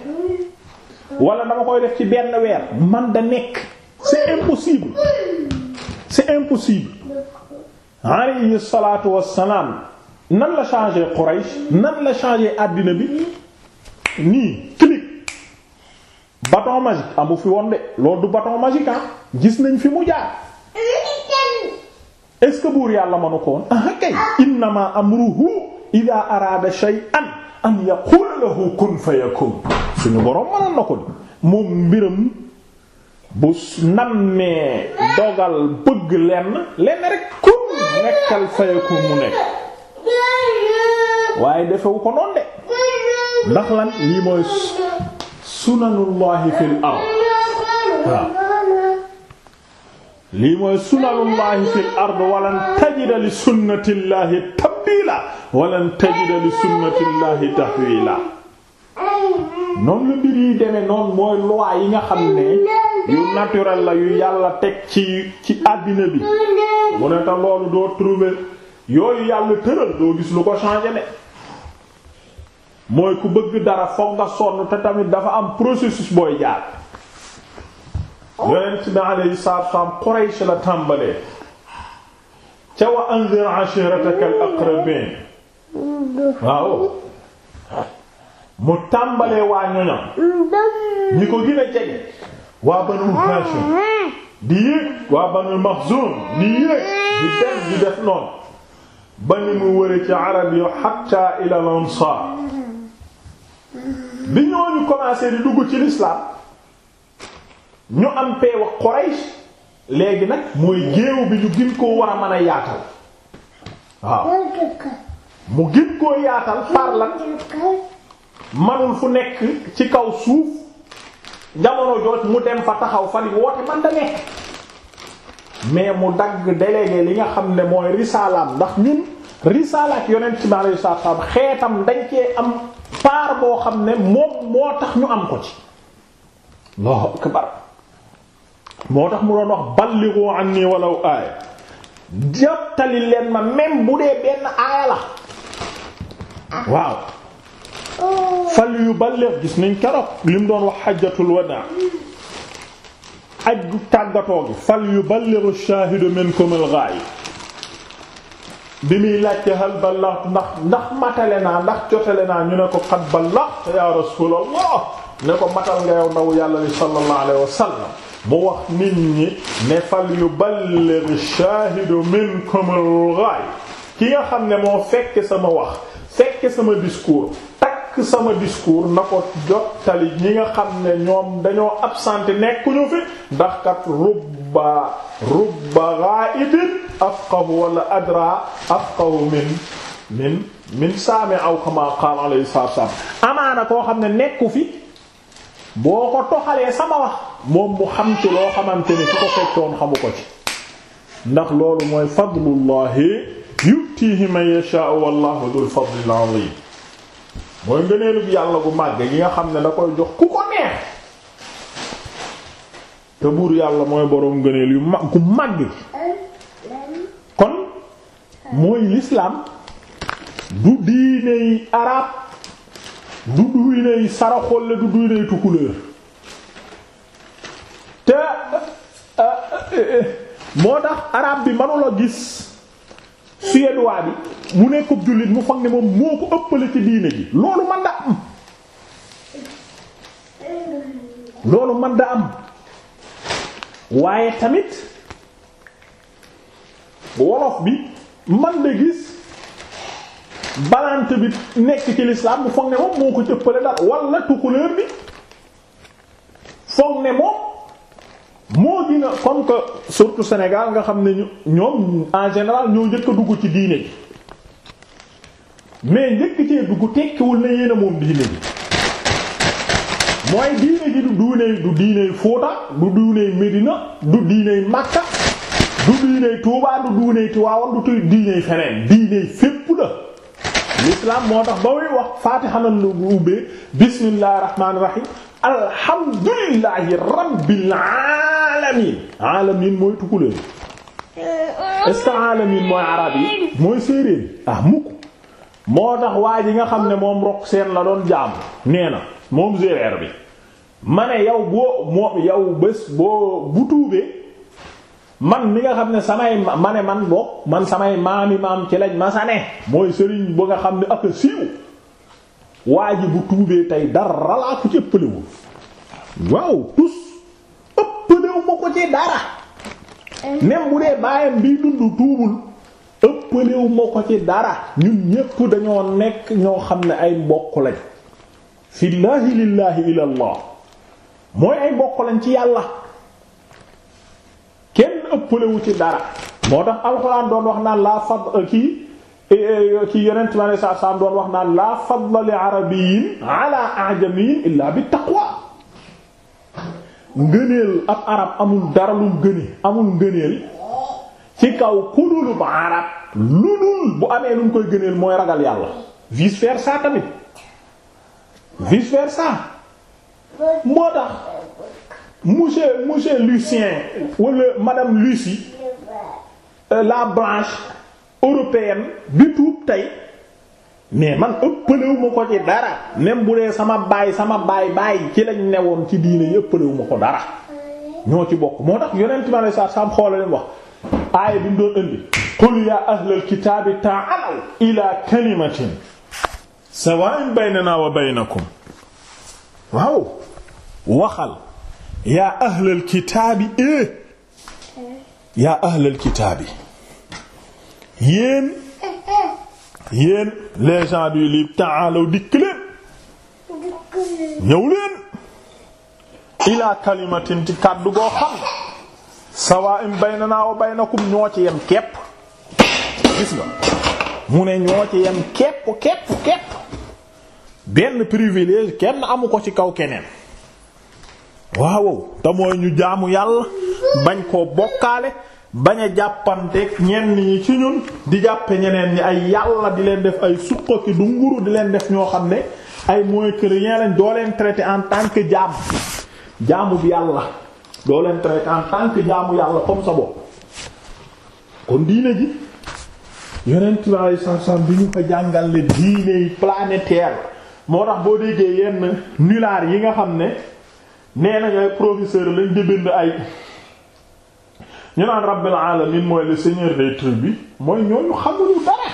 wala dama koy def ci benn weer man da nekk c'est impossible c'est impossible alayhi salaatu wassalaam nan la changer Quraysh nan la changer àddina bi nii bâton magique amu fi woon de loolu du bâton magique ah. gis nañ fi mu jaar est buur yàlla manu ko woon ah kay innama amruhu ida araada shay'an an yaqula lahu kun fayakun suñu boroom mënoon na ko di moom mbiram bu nammee dogal bëgg lenn lenn rek kun nekkal fayakun mu nekk waaye defewu ko de ndax lan lii mooy sunanullahi lii mooy sunanullahi fil ard walan tajida li sunnatillahi tabdila walan tajida li sunnatillahi tahwila mbir yi demee noonu mooy loi yi nga xam ne yu naturel la yu yàlla teg ci àddina bi mu loolu doo trouver yooyu yàlla tëral doo gis lu ko changer mooy ku bëgg dara foog nga sonn te tamit dafa am processus booy jaar yonent bi alayhi salaatu wassalaam Quraysh la tàmbalee ca wa anzir ashirataka al mu tàmbalee waa ñoñam ñi ko gën a jege waa Banu Hashim di yéeg waa Banu Makhzum di yéeg di dem di def noonu ba ni mu wëre ci arab yu hatta ila al bi ñooñu commencé di dugg ci l'islam ñu am paix wa léegi nag muy géew bi ñu gin koo war a mën a yaatal waaw mu gën koo yaatal par lan manul fu nekk ci kaw suuf jamono jooj mu dem fa taxaw fa li woote man da mais mu dagg délégué li nga xam ne mooy risalaam ndax ñun risalaak yonent ci ma alei satu xeetam dañ cee am paar boo xam ne moo tax ñu am ko ci Allahu akbar moo tax mu doon wax ballighu anni walaw aaya jottali leen ma même bu dee benn aaya la waaw fal yuballigh gis nañ keroog mu doon wax hajjatul wadaa aju tàggatoo gi fal yuballighu ash-shaahidu minkum al-ghaa'ib bi muy laajte hal ballaxt ndax ndax matale naa ndax jotale naa ñu ne ko xat ballaxt ya rasulallah ne ko matal nga yow ndaw yàlla li sallallahu alayhi wa sallam mu wax nit ñi ne fal yuballigh shahidu minkumul ghaib ki nga xam ne moo fekk sama wax fekk sama discours takk sama discours na ko jottali ñi nga xam ne ñoom dañoo absenté nekkuñu fi ndax kat rub rubba rubba ghaa'ibin afqahu wala adra afqahu min min min saami aw kama qaala alayhi salaatu amaana koo xam ne nekku fi boo ko toxalee sama wax moom mu xam ci loo xamante ni su ko fekkoon xamu ko ci ndax loolu mooy fadlullahi yutihi man yashaa wallahu dul fadlil azim mooy ngëneelu yàlla bu màgg yi nga xam ne da koy jox ku ko neex te buur yàlla mooy boroom gëneel yu mag ku màgg kon mooy lislaam du diiney arab du diiney saraxolle du diiney tukkuleer te euh, euh, moo tax arab bi manula gis suédois bi mu nekkub jullit mu foog ne moom moo ko ëppale ci diine ji loolu man da am loolu man da am waaye tamit wolof bi man de gis balante bi nekk ci lislaam bu foog ne moom moo ko jëppale daal wala tukulóor bi foog ne moom moo dina comme que surtout Sénégal nga xam ne ñoom en général ñoo njëkk dugg ci diine ji mais njëkk cee dugg tekkiwul ne yéen moom diine ji mooy diine ji du diine du diine Fouta du diine Medina du diine Makka du diine Touba du diine Tiwaawan du diine feneen diine fépp la. l'islam moo tax ba muy wax Fatiha na lu ubbee bismillahir rahmanir rahim alhamdulillahi rabbil alamin mooy tukuleen est-ce mooy arab yi mooy séeréer ah mukk moo tax waa nga xam ne moom rok seen la doon jaam nee na. moom gérèr bi ma ne yow boo moom yow bés boo bu tuubee man mi nga xam ne samay ma ne man bokk man samay maami maam ci lañ ma sane mooy sëriñ bu nga xam ne ak siiw waa ji bu tuubee tey dara laa ko ci ëppalewul waaw tus ëppalewu ma ko ci dara même bu dee baayam biy dund tuubul ëppalewu ma ko ci dara ñun ñépp dañoo nekk ñoo xam ne ay mbokk lañ fillaahi lillaahi ilallah mooy ay mbokk lañ ci yàlla kenn ëppalewu ci dara moo tax alxuraan doon wax naan laa fadl euh, kii euh, kii yonent ma ne saa saam doon wax naan laa fadla li arabiyin ala ajamiyin illaa bi taqwa ngëneel ab arab amul dara lu ngëne amul ngëneel ci kaw kudulub arab lu dul bu amee lu mu koy mooy ragal yàlla vice versa tamit vice versa moo tax monsieur monsieur Lucien wala madame Lucie euh, la branche européenne bi tuub tey mais man ëppalewu ma ko ci dara même bu dee sama baay sama baay baay ci lañ newoon ci diine yi ëppalewu ma ko dara ñoo ci bokk moo tax yonent mi alei satu salaam xoola leen wax aaya bi mu doon indi qul ya ahlal kitaabi ta'aalaw ila kalimatin sawaa'un baynanaa wa baynakum waaw waxal yaa ahlal kitaabi eh yaa ahlal kitaabi yéen yéen les gens du livre dikk leen ñëw leen ilaa kalimatin ci kàddu goo xam sawaa'un baynanaa wa baynakum ñoo ci yem kepp gis nga mu ne ñoo ci yem kepp kepp kepp benn privilège kenn amu ko ci kaw keneen waaw te ñu jaamu yàlla bañ koo bokkaale bañ a jàppanteeg ñenn yi ci ñun di jàppe ñeneen yi ay yàlla di leen def ay suqa ki du nguru di leen def ñoo xam ne ay mooy chrétien lañ doo leen traité en tant que jaam jaamu bi yàlla doo leen traité en tant que jaamu yàlla comme sa bopp kon diine ji yeneen tubaab yi bi ñu ko jàngal diine yi planétaire. moo tax boo déggee yenn nulaar yi nga xam ne nee nañu ay professeur lañ di bind ay ñu naan rabbil alamin mooy le seigneur des tribus mooy ñooñu xamuñu dara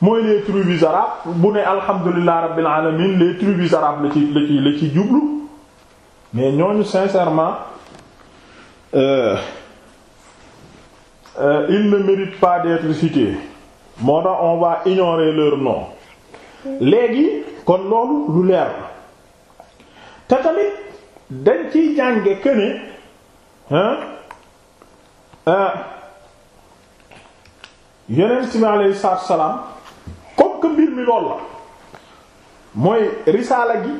mooy les tribus arabes bu ne alhamdulilah rabbil alamin les tribus arabes la ci la ci la ci jublu mais ñooñu sincèrement euh, euh ne méritent pas d'être moo tax on va ignorer leur nom léegi kon loolu lu leer la te tamit dañ ciy jànge que ne ah yonent bi salaam comme mbir mi loolu la mooy risaala gi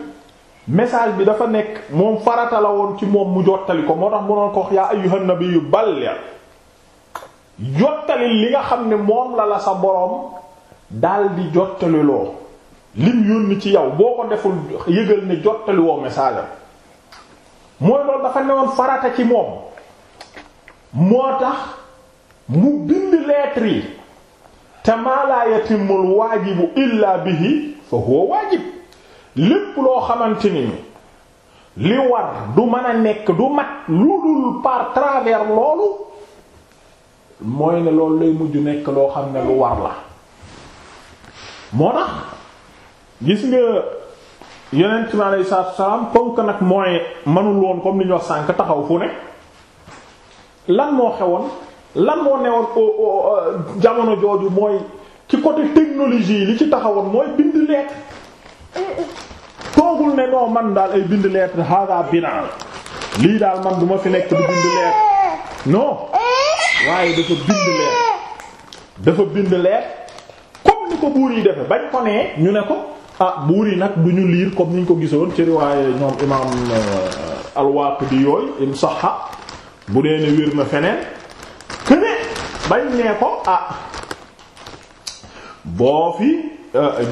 message bi dafa nekk moom farata la woon ci moom mu jottali ko moo tax mu doon ko wax yaa ayyuhan nabiyyu balligh jottali li nga xam ne moom la la sa boroom daldi jottali loo lim yónni ci yow boo ko deful yëgal ne jottali woo message am mooy loolu dafa newoon farata ci moom moo tax mu bind lettre yi te maa laa yatimul waajibu illa bihi fa huwa waajib lépp loo xamante ni li war du mën a nekk du mat lu dul par travers loolu mooy ne loolu lay mujj nekk loo xam ne lu war la moo tax gis nga yonent bi aleyhi salaatu wasalaam comme que nag mooy mënul woon comme li ñu wax sànk taxaw fu ne lan moo xewoon lan moo newoon euh, jamono jooju mooy ci côté technologie li ci taxawoon mooy bind leet toogul ne non man daal ay bind lettre hada binaa lii daal man duma fi nekk di bind lettre non waaye dafa bind lettre dafa bind lettre comme ni ko buur yi defe bañ ko nee ñu ne ko ah buur yi nag du ñu liir comme ni ñu ko gisoon ci riwaaye ñoom imaam euh, al-Waaqidi yooyu im saxa bu dee ne wér na feneen que ne bañ nee ko ah boo fi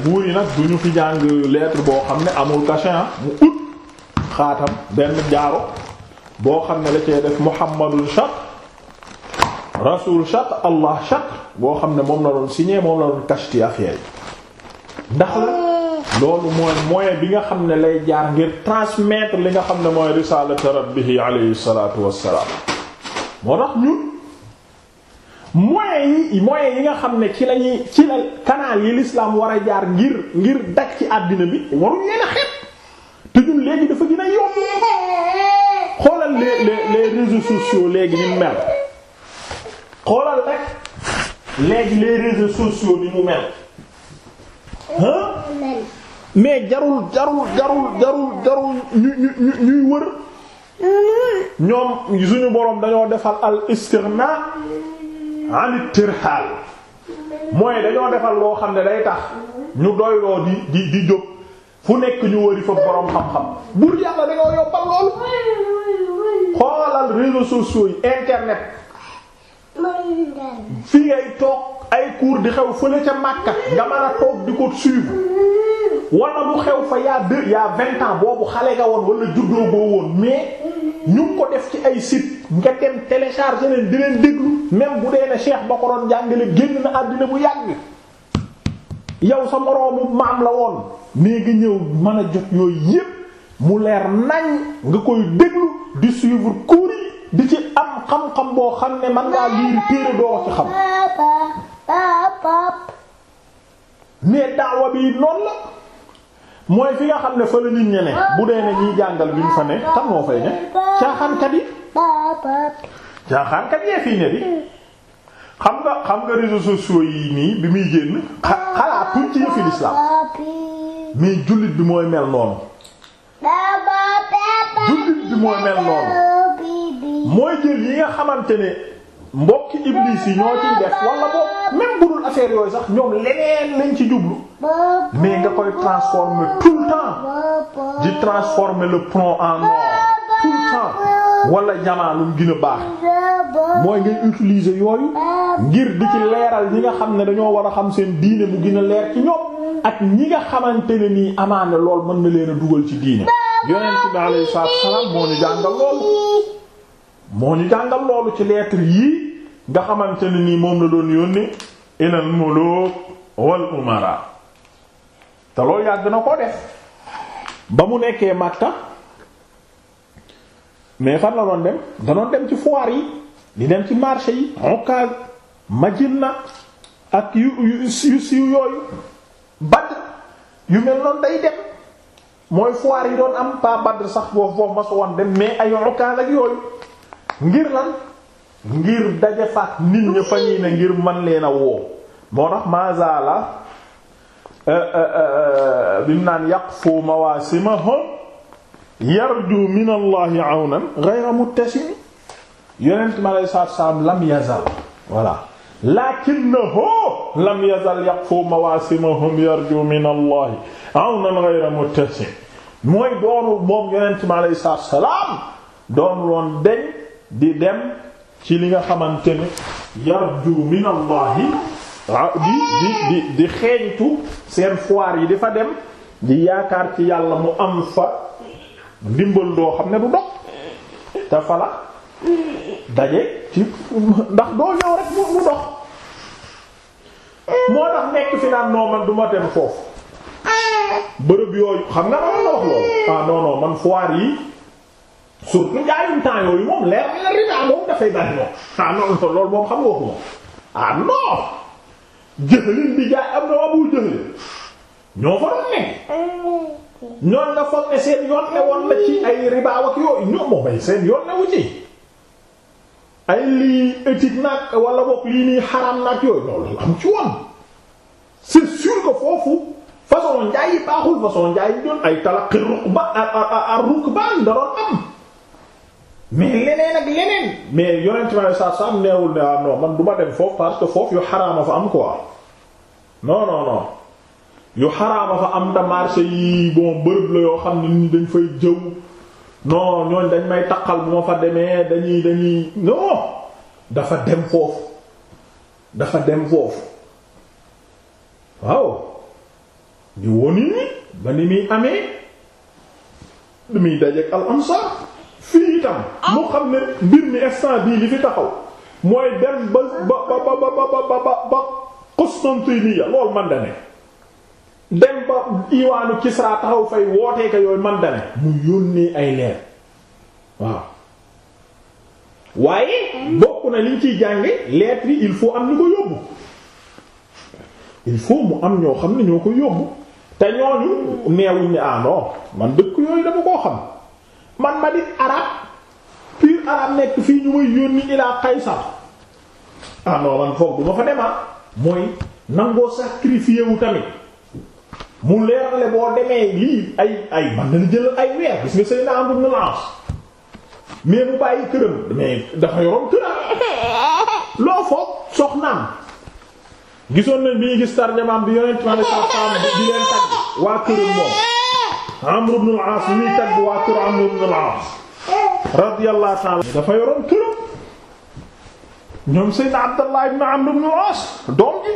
buur euh, yi nag du ñu fi jàng lettre boo xam ne amul cachet ah, mu ut xaatam benn jaaro boo xam ne la cee def Muhammadul Shaq rasul shaq allah shaq boo xam ne moom la doon signé moom la doon kashti affaire yi ndax loolu mooy moyen bi nga xam ne lay jaar ngir transmettre li nga xam ne mooy risalata rabbihi alayhi salatu wassalaam moo tax ñun moyens yi moyens yi nga xam ne ci lañuy ci la canal yi l'islam war a jaar ngir ngir dak ci àddina bi waruñ leen a xeet léegi dafa gën a yomb xoolal les les les sociaux léegi ñu mel xoolal rek léegi les réseaux sociaux ni mu mel mais jarul jarul jarul jarul jarul ñu ñu ñuy wër ñoom suñu boroom dañoo defal al istighna an tirhal mooy dañoo defal loo xam ne day tax ñu doyloo di di di jóg fu nekk ñu wëri fa boroom xam-xam buur yàlla dañoo yobbal loolu xoolal réseaux sociaux yi internet fi ngay toog ay cours di xew fële ca Makka nga mën a toog di ko suivre wala bu xew fa yaa deux yaa vingt ans boobu xale nga woon wala juddoo boo woon mais ñu ngi ko def ci ay sit nga dem télécharger leen di leen déglu même bu dee ne Cheikh ba ko doon jàngale génn na àddina bu yàgg yow sa moroomu maam la woon nee ñëw mën a jot yooyu yépp mu leer nañ nga koy déglu di suivre cours di ci xam-xam boo xam ne man ngaa liir téere doo ci xam mais daawa bi noonu la mooy fi nga xam ne fa la nit ne bu dee ne ñiy jàngal bi ñu fa ne tam moo fay ne caaxaankat yi caaxaankat yee fii ne bi xam nga xam nga réseaux sociaux yi nii bi muy génn xalaatuñ ci yëfi lislaam mais jullit bi mooy mel noonu jullit bi mooy mel noonu mooy jël yi nga xamante ne mbokki iblis yi ñoo ciy def wala boo même bu dul affaire yooyu sax ñoom leneen lañ ci jublu mais nga koy transformer tout temps di transformer le plomb en or temps wala jamaanum gën a baax mooy ngay utiliser yooyu ngir di ci leeral ñi nga xam ne dañoo war a xam seen diine mu gën a leer ci ñoom ak ñi nga xamante ne nii amaane lool mën na leen a dugal ci diine yonent bi alayhi salaatu salaam moo ñu jàngal lool moo ñu jàngal loolu ci lettre yii nga xamante ne nii moom la doon yónni ilal muluk wal umara te loolu yàgg na ko def ba mu nekkee Makka mais fan la doon dem da dem ci foire yi di dem ci marché yi Ukaz Madina ak yu yu siiw yooyu Badr yu mel noon day dem mooy foire yi doon am pas Badr sax boofu foofu ma su woon dem mais ay Ukaz ak yooyu ngir lan ngir daje nit ñi fa ñuy ne ngir man leen a woo moo tax mazala eh, eh, eh, bim naan yaqfu mawasimahum yarju min allahi awnan ghayra muttasimi yonent mi aleyhi salaam lam yazal voilà lakinnahu lam yazal yaqfu mawasimahum yarju min allahi awnan ghayra muttasim mooy doonul moom yonent mi aleyhi salaam doonul woon deñ di dem ci li nga xamante ne yarju min allahi di di di di xeeñtu seen foire yi di fa dem di yaakaar ci yàlla mu am fa ndimbal doo xam ne du dog te fala daje ci ndax doo ñëw rek mu dox moo tax nekk fi naan man du dem foofu bërëb yooyu xam nga man loolu ah non man foire yi surtout njaayum temps yooyu moom leer na riba moom dafay bari moom ah loolu moom xam nga ko moom ah non jëxlin bi jaay am na wabu jëxlin ñoo fa doon ay seen yoon ne wu ci ay lii éthique nag wala boog lii nii xaram nag yooyu loolu am ci woon c'est sûr que foofu façon njaay yi baaxul façon njaay yi doon ay talaqi ruqba ar ruqbaan da doon am mais leneen ak leneen mais yonent ma ne sax sax neewul ne ah non man du dem foofu parce que foofu yu xaraama fa am quoi non non non yu xaraama fa am da marché yi bon bërëb la yoo xam ne ni dañ fay jëw non ñooñ dañ may taqal bu fa demee dañuy dañuy dafa dem foofu dafa dem foofu waaw di woni ba ni muy amee du muy dajeek al ansar fii itam ah. mu xam ne mbir mi instant bii li fi taxaw mooy dem ba ba ba ba ba ba Constantinople loolu man da dem ba diwaanu Kisra taxaw fay wootee ka yooyu man da mu yónnee ay leer waaw waaye bokk na liñ ciy jànge lettre yi il faut am ñu ko yóbbu il faut mu am ñoo xam ne ñoo ko yóbbu te ñooñu neewuñ ne ah non man dëkk yooyu dama koo xam man ma di arab pur arab nekk fii ñu may yónni ilaa Qaysar ah non man foog du fa dema ah. mooy nangoo sacrifié tamit mu leerale boo demee lii ay ay man na jël ay weer gis nga Seydina Amr ibn al-As mais mu bàyyi këram mais dafa yoroon këram loo foog soxnaam gisoon nañ bi gis tarjamaam bi yonent ma ne sa femme bi leen tagg waa këram moom Amr ibn al-As ñuy tagg waa kër Amr as radiyallahu ta'ala dafa yoroon këram ñoom Seydina Abdallah ibn Amr ibn al-As doom ji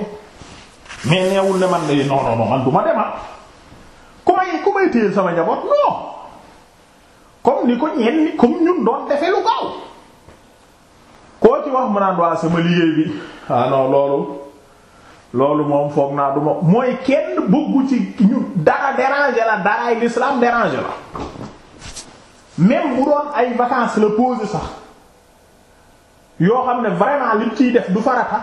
mais neewul ne man de non non non man du ma ah. ku may ku may téye sama njaboot non comme ni ko ñenn comme ñun doon defee lu gaaw koo ci wax mu naan waa sama liggéey bi ah non loolu. loolu moom foog naa du ma mooy kenn bëggu ci ñu dara déranger la daraay l'islam déranger la même bu doon ay vacances la posé sax yoo xam ne vraiment li ciy def du farata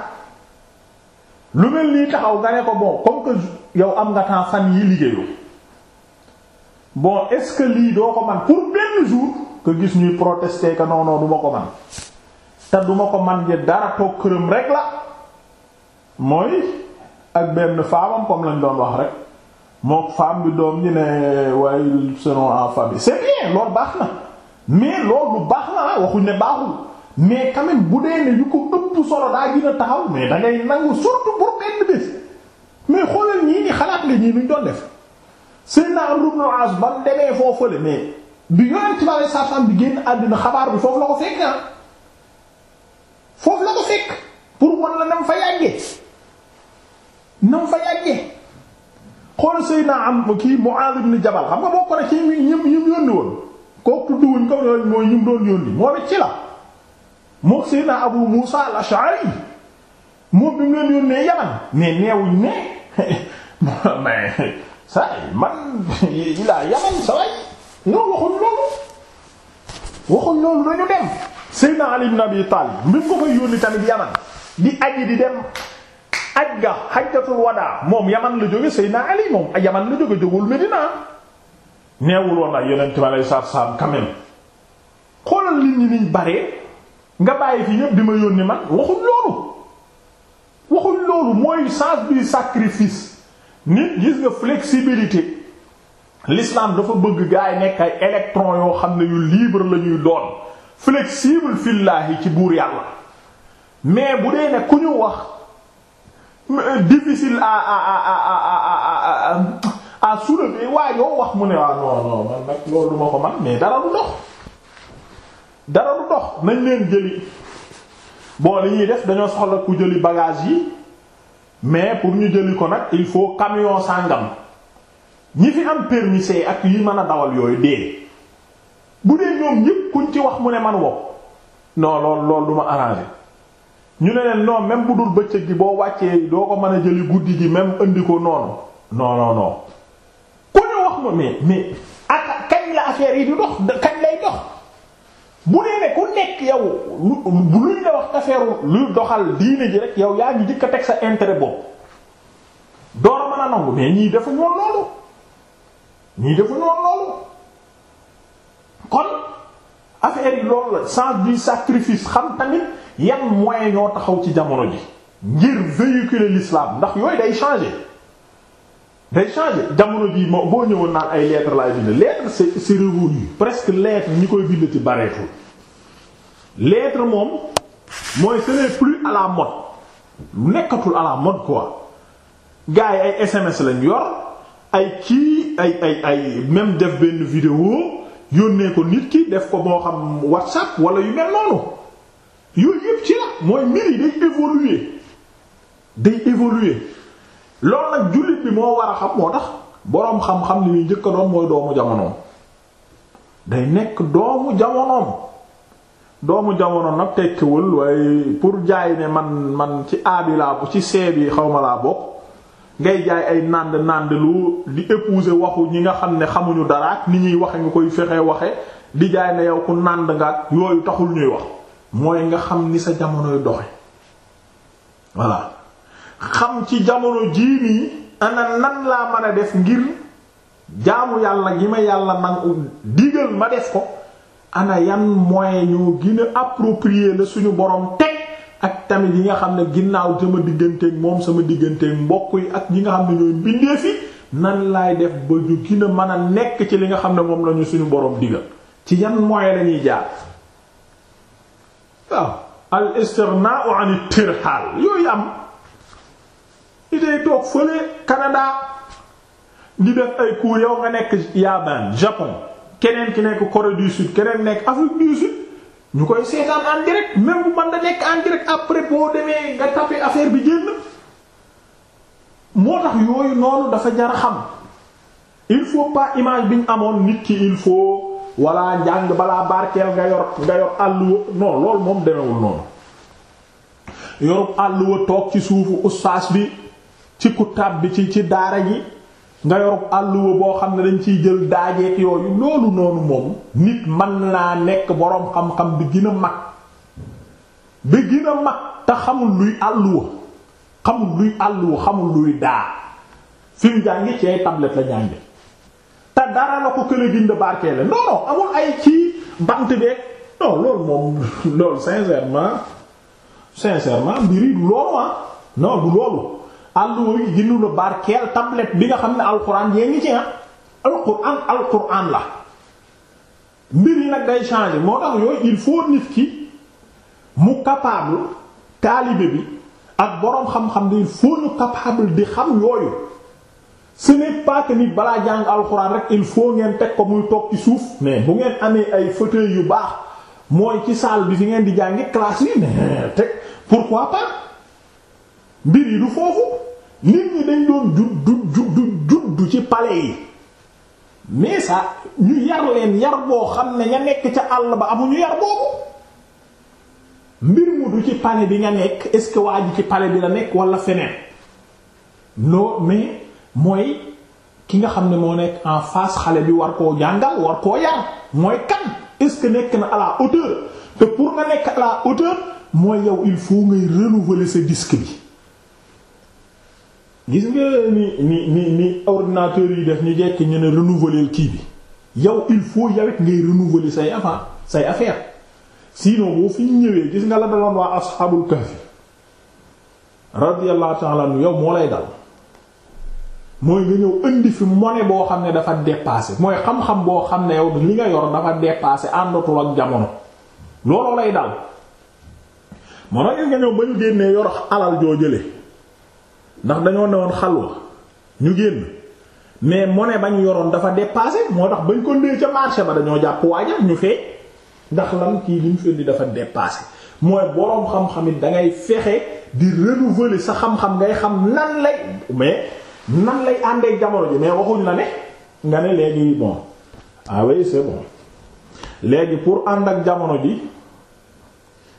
lu mel nii taxaw nga ne ko bon comme que yow am nga temps fan yi liggéeyoo bon est-ce que lii doo ko man pour benn jour que gis ñuy protester que non non du ko man te duma ko man ji dara toog këram rek la. mooy ak benn faamam comme lañ doon wax rek moo femme bi doom ñi ne waaye ils seront en famille bien loolu baax na mais loolu baax na waxuñ ne baaxul mais quand bu dee ne yu ko ëpp solo daa gën a taxaw mais da ngay nangu surtout pour benn bés mais xoolal ñii ni xalaat nga ñii luñ doon def Seydina Amru ibn al-As ba demee foofu fële mais bi Yonent bi alayhi salaam bi génn àddina xabaar bi foofu la ko fekk ah. foofu la ko fekk pour wan la fa yàggee. nam fa yàggee xool Seydina am kii Mu'adh ibn Jabal xam nga bokk na ci ñim ñim yónni woon kooku tudd wuñ ko loolu waxuñ dem Seydina Ali Abi Talib mbir ko koy yónni tamit Yaman di aji di dem aj ga hajjatul wadaa moom yaman la jóge Seydina Ali moom a yaman la jóge jógul Medina neewul woon ak yeneen a lay saar quand même xoolal nit ñi niñ bare nga bàyyi fi ñëpp di ma yónni man waxul loolu waxul loolu mooy sens bi sacrifice nit gis nga flexibilité l'islam dafa bëgg gaa yi nekk ay électron yoo xam ne yu libre la ñuy doon flexible fillaahi ci buur yàlla mais bu dee ne ku ñu wax difficile a à à waaye yow wax mu ne waaw non non man ko man mais dara du dox dara du dox nañ leen jëli bon li def dañoo soxla ku jëli bagage yi mais pour ñu jëli ko nag il faut camion sàngam ñi fi am permis ak yi mën a dawal yooyu dee bu dee ñoom ñépp kuñ ci wax mu ne man wop non loolu loolu du ma ñu ne leen non même bu dul bëccëg gi boo wàccee doo ko mën a jëli guddi gi même indi ko noonu non non non ku ñu wax ma mais mais ak kañ la affaire yi di dox kañ lay dox bu nee ne ku nekk yow lu luñ la wax affaire lu doxal diine ji rek yow yaa ngi jëkk a teg sa intérêt bopp door a mën a nangu mais ñii defuñu woon loolu ñii defuñu woon loolu kon. affaire yi loolu la sens du sacrifice xam tamit yan moyen ñoo taxaw ci jamono ji ngir véhiculer l'islam ndax yooyu day changer day changer jamono ji moo boo ñëwoon naan ay lettres laay bind lettre c'est c'est révolu presque lettre ñi koy bind ci bareetul lettre moom mooy ce n'est plus à la mode nekkatul à la mode quoi gars yi ay SMS lañ yor ay kii ay ay ay même def benn vidéo yónnee ko nit ki def ko moo xam whatsapp wala yu mel noonu yooyu yëpp ci la mooy mbir yi day évoluer day évoluer loolu nag jullit bi moo war a xam moo tax boroom xam-xam li muy njëkk a mooy doomu jamonoom day nekk doomu jamonoom doomu jamono nag tekkiwul waaye pour jaay ne man man ci aabi laa bu ci seebi xaw ma laa bokk ngay jaay ay nànd nànd lu di épouser waxu ñi nga xam ne xamuñu dara ak ni ñuy waxe nga koy fexe waxe di jaay ne yow ku nànd nga ak yooyu taxul ñuy wax mooy nga xam ni sa jamonoy doxe voilà xam ci jamono jii nii ana nan laa mën a def ngir jaamu yàlla gi ma yàlla man digal ma def ko ana yan moyen ñoo gën a la suñu borom teg ak tamit yi nga xam ne ginnaaw sama digganteek moom sama digganteeg mbokk yi ak ñi nga xam ne ñooy mbindeef yi nan laay def ba ñu gën a mën a nekk ci li nga xam ne moom lañu suñu borom digal ci yan moyen lañuy jaar waaw al istirna'u an at-tirhal yooyu am idée toog fële Canada di def ay cours yow nga nekk Yabaan Japon keneen ki nekk Corée du Sud keneen nekk Afrique du Sud ñu koy seetaan en direct bu man da nekk en direct après boo demee nga tapé affaire bi génn moo tax yooyu noonu dafa jar a xam il faut pas image bi ñu amoon nit ki il faut walla njàng balaa barkeel nga yor nga yor àlluwa non loolu moom demewul noonu yorub àlluwa toog ci suufu ustaas bi ci kutaab bi ci ci daara ji nga yor àlluwa boo xam ne dañ ciy jël daajeek yooyu loolu noonu moom nit man naa nekk boroom xam-xam bi gën a mag bi gën a mag te xamul luy àlluwa xamul luy àlluwa xamul luy daa fi mu jàngi ci ay tablette la jàngi te dara la ko kële bind barkeele non non amul ay ci bant beeg non loolu moom loolu sincèrement sincèrement mbiri loolu ah non loolu àlluwa gi gënu la barkeel tablette bi nga xam ne alquran yee ngi ci ah alquran alquran la mbir yi nag day changer moo tax yooyu il faut nit ki mu capable taalibe bi ak boroom xam-xam ne il faut ñu di xam yooyu ce n'est pas que nit balaa jàng alxuraan rek il faut ngeen teg ko muy toog ci suuf mais bu ngeen amee ay fauteuil yu baax mooy ci salle bi fi ngeen di jàngi classe yi mais teg pourquoi pas mbir yi du foofu nit ñi dañ doon judd judd judd ci pale yi mais ça ñu yar leen yar boo xam ne ña nekk ca àll ba amuñu yar boobu mbir mu du ci palais bi nga nekk est-ce que waa ji ci pale bi la nekk wala feneen non mais mooy ki nga xam ne moo nekk en face xale bi war koo jàngal war koo yar mooy kan est-ce que nekk na à la hauteur te pour nga nekk à la mooy yow il faut ngay renouveler sa disque bi gis nga ni ni ni ni ordinateur yi def ñu jekk ñu ne renouveler kii bi yow il faut yawet ngay renouveler say avant say affaire sinon boo fi ñëwee gis nga la daloon waa asxaabul kahfi radiyallahu ta'ala anhu moo lay dal mooy nga ñëw boo xam ne dafa dépassé mooy xam boo xam ne yow li nga yor dafa dépassé jamono looloo lay dal moo ñëw ba ñu génnee yor alal joo ndax dañoo newoon xalwa ñu génn mais monnaie bañ yoroon dafa dépassé moo tax bañ ko ndee ca ba dañoo jàpp waaja ñu fee ndax lan kii li mu findi dafa dépassé mooy boroom xam-xam it dangay fexe di renouveler sa xam-xam ngay xam nan lay mais nan lay àndee jamono ji mais waxuñ la ne nga ne léegi bon ah oui c'est bon léegi pour ànd ak jamono ji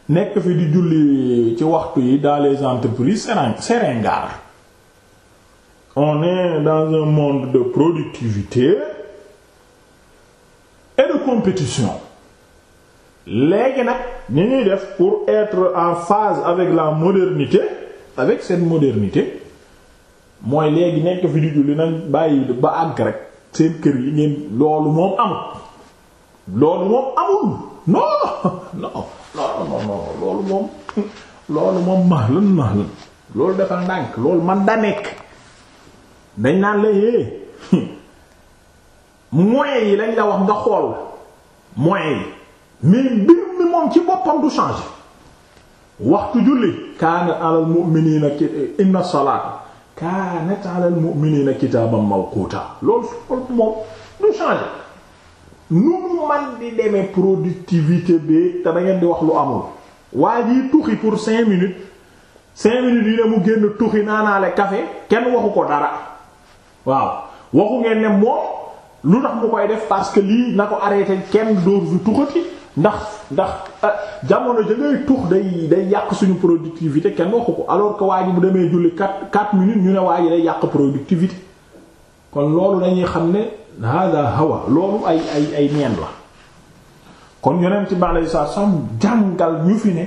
nekk fi di julli ci waxtu yi dans les entreprises serengaar on est dans un monde de productivité et de compétition léegi nag ni ñuy def pour être en phase avec la modernité avec cette modernité mooy léegi nekk fi di julli bàyyi ba àgg rek seen kër yi ngeen loolu moom amul loolu moom amul non non non non non loolu moom loolu moom max lan loolu dafa ndànk loolu man da nekk dañ naan la yée moyens yi lañ la wax nga xool moyens yi mais mbir mi moom ci boppam du changer waxtu julli kaana alal mu'minina inna salaata kaanat alal mu'minina kitaaban mawquta loolu loolu moom du changer nu mu man di demee productivité bi te da ngeen di wax lu amul waa jii tuxi pour cinq minutes cinq minutes yi ne mu génn tuxi naanaale kafe kenn waxu ko dara waaw waxu ngeen ne moom lu tax mu koy def parce que lii na ko arrêté kenn dóor fi tuxati ndax ndax euh, jamono ja ngay tux day day yàq suñu productivité kenn waxu ko alors que waa ji bu demee julli quatre quatre minutes ñu ne waa ji day yàq productivité kon loolu dañuy xam ne hada hawa loolu ay ay ay neen la kon ci bi alayhi salaam jàngal ñu fi ne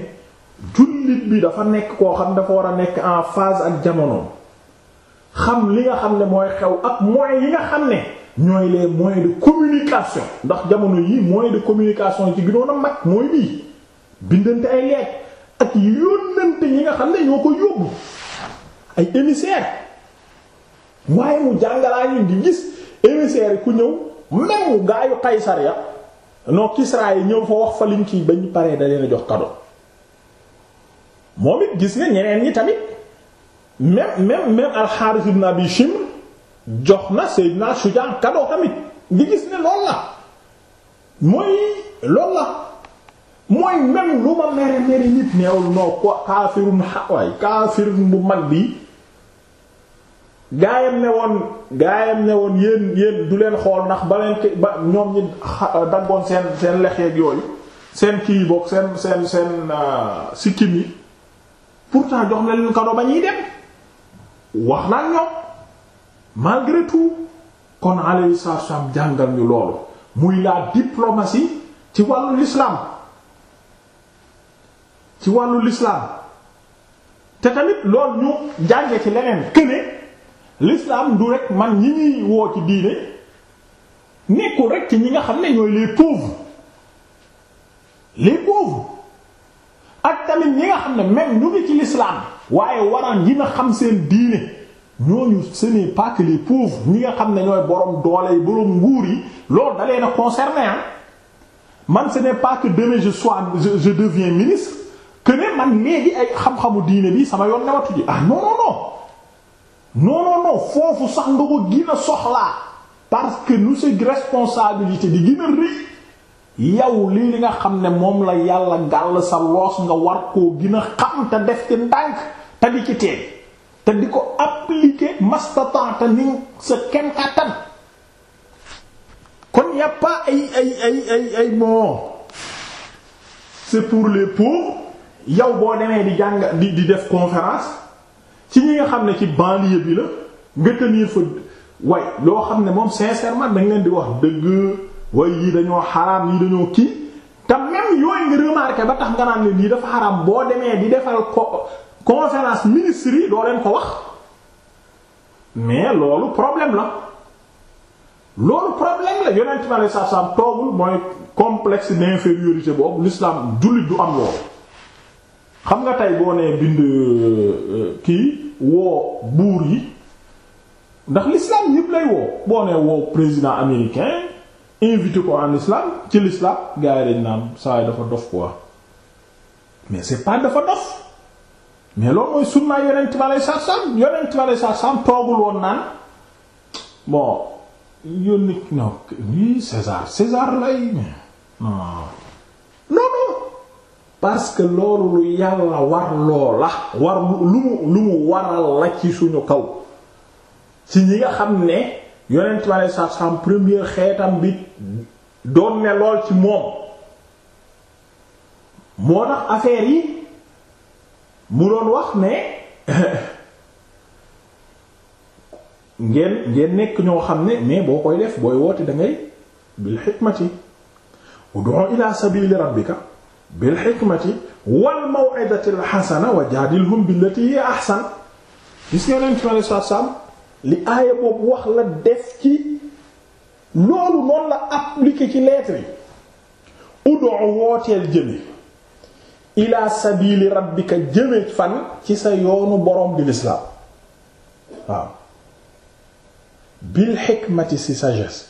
jullit bi dafa nekk koo xam dafa war a nekk en phase ak jamono. xam li nga xam ne mooy xew ak moyens yi nga xam ne ñooy les moyens de communication ndax jamono yi moyens de communication yi ci gënoon a mag mooy bii bindante ay leeg ak yónnante ñi nga xam ne ñoo ko yóbbu ay émissaires waaye mu jàngalaa ngi gis émissaires ku ñëw même gaayu Kaysar ya non Kisra yi ñëw fa wax fa liñ ci bañ paree da leen a jox cadeau moom it gis nga ñeneen ñi tamit. même même même al-Harith ibn Abi jox na Seydina Shujaa cadeau tamit di gis ne lool la mooy lool la mooy même lu ma mere mere nit neewul noo ko kaafirun waay kaafirun bu mag bi gaayam ne woon gaayam ne woon yéen yéen du leen xool ndax ba ki ba ñoom ñi euh, daggoon seen lexeeg yooyu seen kii boog seen seen seen euh, sikkim yi pourtant jox na leen cadeau ba ñuy dem wax naa ñoom malgré tout kon alayhi salaatu wasallam jàngal ñu loolu muy la diplomatie ci wàllu l'islam ci wàllu l'islam te tamit loolu ñu jànge ci leneen këne l'islam du rek man ñi ñuy woo ci diine nekkul rek ñi nga xam ne ñooy les pauvres les pauvres ak tamit ñi nga xam ne même ñu ngi ci l'islam waaye waral ñi nga xam seen diine ñooñu ce n'est pas que les pauvres ñi nga xam ne ñooy borom doole yi borom nguur yi loolu da na a concerné man ce n'est pas que demain je sois je, je deviens ministre que ne man léegi ay xam-xamu diine bi sama yoon newatu ji ah non non non non non foofu sax nga ko gën a soxlaa parce que nous c'est responsabilité di gën rëy yow lii li nga xam ne moom la yàlla gàll sa loos nga war koo gën a xam te def ci ndànk te di ci teey te di ko appliquer mastatante ni sa kenn kàttan kon y ay ay ay ay ay c'est pour les pauvres yow boo demee di jàng di di def conférence ci ñi nga xam ne ci banlieue bi la nga tenir fa way loo xam ne moom sincèrement dañ leen di wax dëgg way yii dañoo xaraam yii dañoo kii te même yooyu nga remarqué ba tax nga naan ne lii dafa xaraam boo demee di defal ko conférence ministre yi doo leen ko wax mais loolu problème la loolu problème la yonent bi alayhi salaatu salaam toogul mooy complexe d'infériorité boobu l'islam jullit du am loolu xam nga tey boo nee bind euh, kii woo buur yi ndax l'islam ñépp lay woo boo nee woo président américain invité ko en islam ci l'islam gars yi naan saa yi dafa dof quoi mais c'est pas dafa dof mais loolu mooy sunna yonent bi aleyhi yonent bi aleyhi toogul woon naan bon yónni non oui César César lay non parce que loolu lu yàlla war loola war lu mu lu mu waral la ci suñu kaw ci ñi nga xam ne. yonent bi aleyhi xeetam bi doon ne lool ci moom moo tax affaire yi mu doon wax ne ngeen ngeen nekk ñoo xam ne mais boo koy def booy woote dangay ngay bil xikmati ud'u ila sabili rabbika bil xikmati wal maw'idati xasana wa jaadilhum billati hiya gis yonent bi li aaya boobu wax la def ci loolu noonu la appliqué ci lettre yi ud'u wooteel jëme ila sabili rabbika jëme fan ci sa yoonu borom di lislaam waaw bil xikmati si sagesse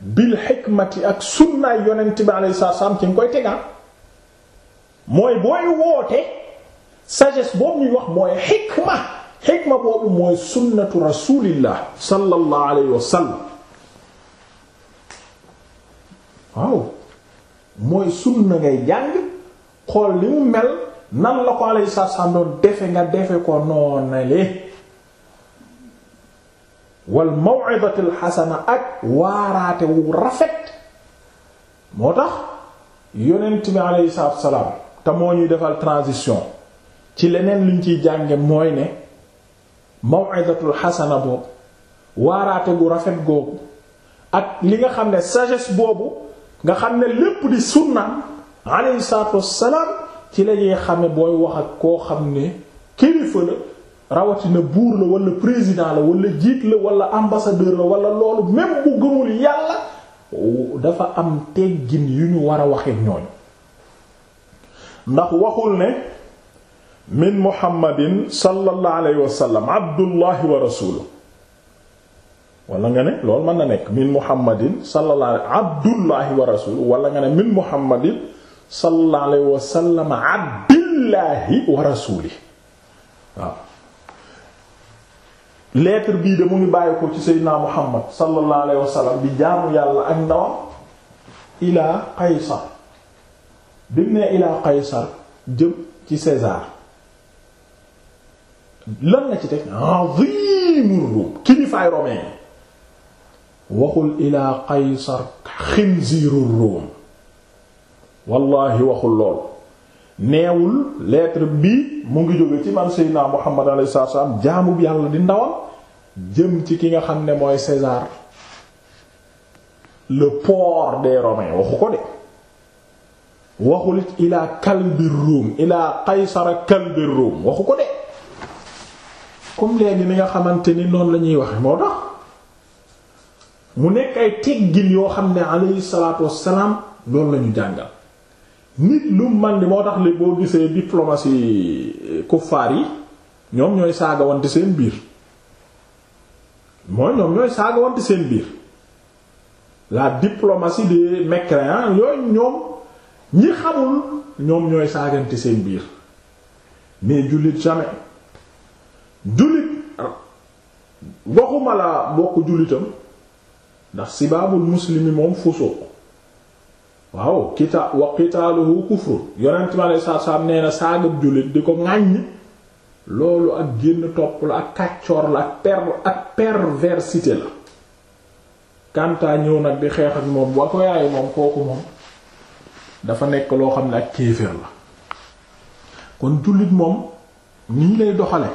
bil xikmati ak sunnaay yonent bi alayhi salaam ci nga koy tegaan mooy booy woote sagesse boobu ñuy wax mooy xikma xikma boobu mooy sunnatu rasulillah sallallahu alayhi wa waaw mooy sunna ngay jàng xool li mu mel nan la ko alayhi salaam doon defe nga defe ko noonale wal maw'izatil xasana ak waaraate wu rafet moo tax yonent bi alayhi salaam te moo ñuy defal transition ci leneen luñ ciy jànge mooy ne maw'izatul hasana boobu waaraate bu rafet googu ak li nga xam ne sagesse boobu nga xam ne lépp di sunnaam alayhi salaatu wassalaam ci la lañuy xame booy wax ak koo xam ne kilifa la rawatina buur la walla président la wala jiit la wala ambassadeur la wala loolu même bu gëmul yàlla dafa am teggin yu ñu war a waxee ñooñu ndax waxul ne min muhammadin sallallahu alayhi wa sallam abdullahi wa rasuluhu wala nga ne loolu mën na nekk min muhammadin sallallahu alayhi abdullahi wa rasuluhu wala nga ne min muhammadin sallallahu alayhi wa sallam abdullahi wa rasulihi waaw lettre bii de mu ngi bàyyi ko ci seydinaa muhammad sallallahu alayhi wa sallam bi jaamu yàlla ak ndawam ilaa qaysar bi mu ne ilaa qaysar jëm ci César lan la ci teg azimur rum waxul ilaa qaysar xinziirur rum wallaahi waxul lool neewul lettre bi mu ngi jóge ci man seydinaa Muhammad alayhi salaam jaamu bi yàlla di ndawam jëm ci ki nga xam ne mooy César le port des romains waxu ko de waxul ilaa kalbi rum ilaa qaysara kalbi rum waxu ko de comme léegi ni nga xamante ni noonu la ñuy waxe moo tax mu nekk ay teggin yoo xam ne alayhi salaatu wassalaam loolu lañuy ñu jàngal nit lu man di moo tax li boo gisee diplomatie kuffaar yi ñoom ñooy saagawante seen biir mooy ñoom ñooy saagawante seen biir la diplomatie des mécréants yooyu ñoom ñi xamul ñoom ñooy saagante seen biir mais jullit jamais jullit ah, waxuma la bokk jullitam ndax sibaabul muslimi moom fusuuq waaw kita wa qitaaluhu kufrun yonent mi aleyhi salaatu salaam nee na saagab jullit di ko ŋàññ loolu ak génn topp la ak kàccoor la ak per ak perversité la kantaa ñëw nag di xeex ak moom waa ko yaayu moom kooku moom dafa nekk loo xam ne ak kéefër la kon jullit moom nii lay doxale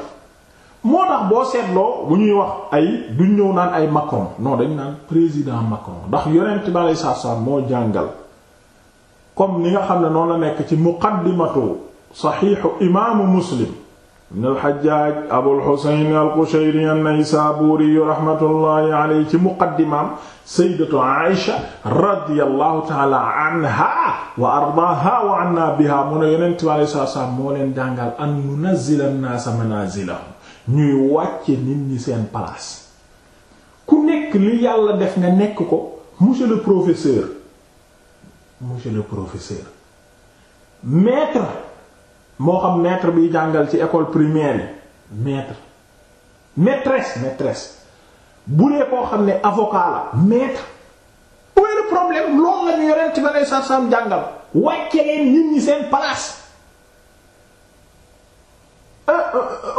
moo tax boo seetloo bu ñuy wax ay duñ ñëw naan ay Macron non dañ naan président Macron ndax yonent bi aleyhi salaatu moo jàngal comme ni nga xam ne noonu la nekk ci muqaddimatu saxiixu imaamu Muslim ibn al-Hajjaj Abul Husayn al-Qushayri an-Naysaburi ci muqaddimaam sayyidatu Aïsha radiyallahu ta'ala anha wa ardaaha wa anna biha mu ne yonent bi aleyhi salaatu salaam moo leen jàngal an nunazzila an-naasa ñuy wàcce nit ñi seen place ku nekk li yàlla def nga nekk ko monsieur le professeur monsieur le professeur maître moo xam maître biy jàngal ci école primaire yi maître maîtresse maîtresse bu dee koo xam ne avocat la maître où est le problème loolu la ñu yoreen ci ba lay sarsam jàngal wàcce leen nit ñi seen place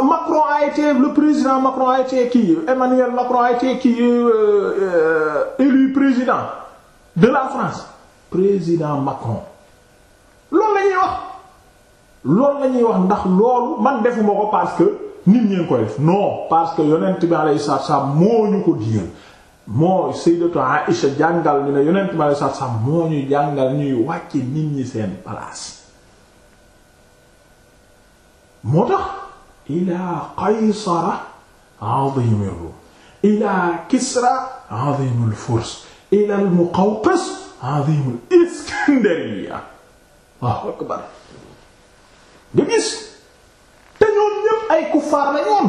Macron a été le président Macron a été kii Emmanuel Macron a été kii euh, euh, élu président de la France président Macron loolu na ñuy wax loolu la ñuy wax ndax loolu man defuma ko parce que nit ñeen koy def non parce que yonent bi alayhi salaatu salaam moo ñu ko digal moo Sayyidatu Aïcha jàngal ñu ne yonent bi alayhi salaatu salaam moo ñu jàngal ñuy wàcc nit ñi seen place moo tax ila qaysara azimi rum ila kisra azimi alfurs ila almuqawqis azimi aliskandariya allahu akbar nga gis te ñoom ñépp ay kuffaar la ñoom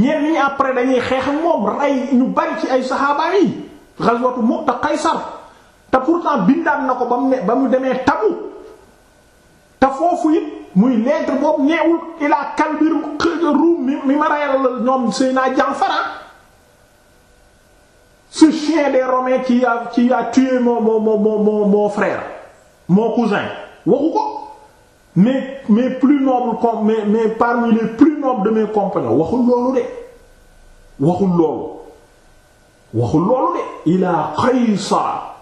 ñenn ñi après dañuy xeex ak moom rey ñu bari ci ay saxaaba yi ghazwatu Mu'ta Qaysar te pourtant bindaan na ko ba mu ne ba mu demee Tabuk te foofu it muy lettre boobu neewul ilaa kalbir ruum mi ma rayal ñoom Seydina Jaafara ce chien des Romains qui a qui a tué mon mon mon mon cousin waxu ko mais mais plus noble com mais mais parmi les plus nobles de mes compagnons waxul loolu de waxul loolu waxul loolu de ilaa Qaysar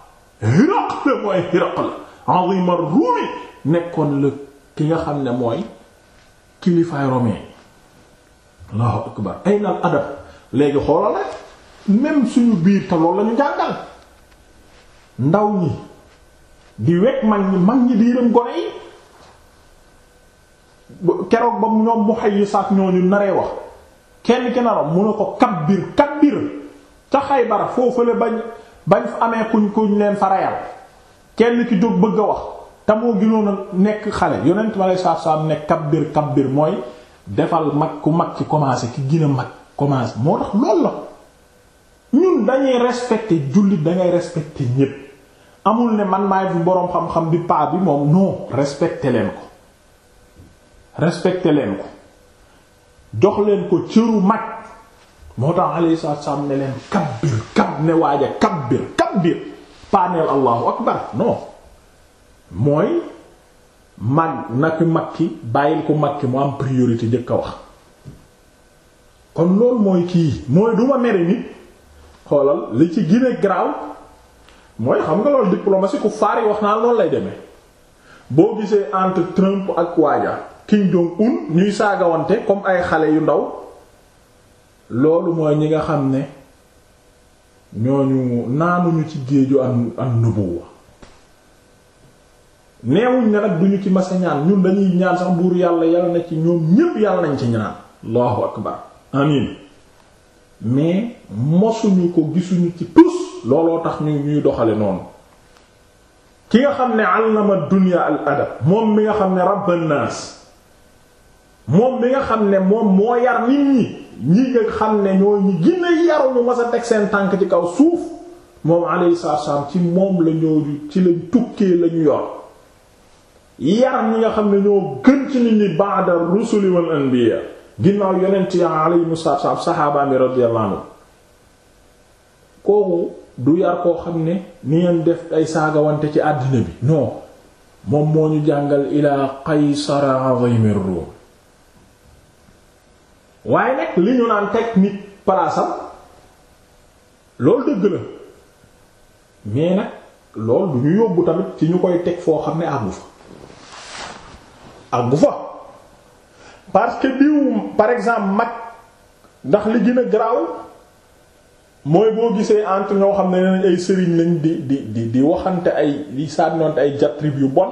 Hiraql mooy Hiraql azim ar-Rumi nekkoon la ki nga xam ne mooy kilifaay romain allahu akbar aynal adab léegi xoolal rek suñu biir te loolu lañu jàngal ndaw ñi di wekk mag ñi mag ñi di gone yi keroog ba ñoom mu xay yi saak ñooñu naree wax kenn ki naroon mu ne ko kabbir kabbir ca Xaybar foofale bañ bañ fa amee kuñ kuñ leen fa reyal kenn ki jóg bëgg a wax tamoo moo gënoon a nekk xale yonent ma lay saaf saaf nekk kabbir kabbir mooy defal mag ku mag ci commencé ki gën a mag commencé moo tax loolu la ñun dañuy respecter jullit dangay respecter ñépp amul ne man maay bu boroom xam-xam bi paa bi moom non respecter leen ko respecter leen ko jox leen ko cëru mag moo tax alayhi salaatu ne leen kabbir kab ne waaja kabbir kabbir paaneel allahu akbar non mooy mag na ki makki bàyyil ko makki mu am priorité jëkk wax kon loolu mooy kii mooy duma mere nit xoolal li ci gine graw mooy xam nga lool diplomatie ku faar yi wax naa loolu lay deme boo gisee entre Trump ak waaja Kim Jong Un ñuy saagawante comme ay xale yu ndaw loolu mooy ñi nga xam ne ñooñu naanuñu ci géeju am am nubuwa neewuñ ne duñu ci masa ñaan ñun dañuy ñaan sax buur yàlla yàlla na ci ñoom ñépp yàlla nañ ci ñaan allahu akbar amin mais mosuñu ko gisuñu ci tus looloo tax ñu ñuy doxale noonu ki nga xam ne allama dunya al adab moom mi nga xam ne rabban nas moom mi nga xam ne moom moo yar nit ñi ñi nga xam ne ñoo ñi gën a masa teg seen tànk ci kaw suuf moom alayhi salaam ci moom la ñoo ci lañ tukkee lañu yor yar ñi nga xam ne ñoo gën ci nit ñi ba'da rusuli wal anbiya ginnaaw yonent ya alayhimu salaam saxaaba mi kooku du yar koo xam ne ni ngeen def ay saagawante ci àddina bi non moom moo ñu jàngal ilaa qaysara azimi waaye nag li ñu naan teg nit palaasam loolu dëgg la mais nag loolu du ñu yóbbu tamit ci ñu koy teg foo xam ne àggu fa àggu fa parce que diw par exemple mag ndax li gën a garaaw mooy boo gisee entre ñoo xam ne nañ ay sëriñ lañ di di di di waxante ay di sànnoonte ay jatrib yu bon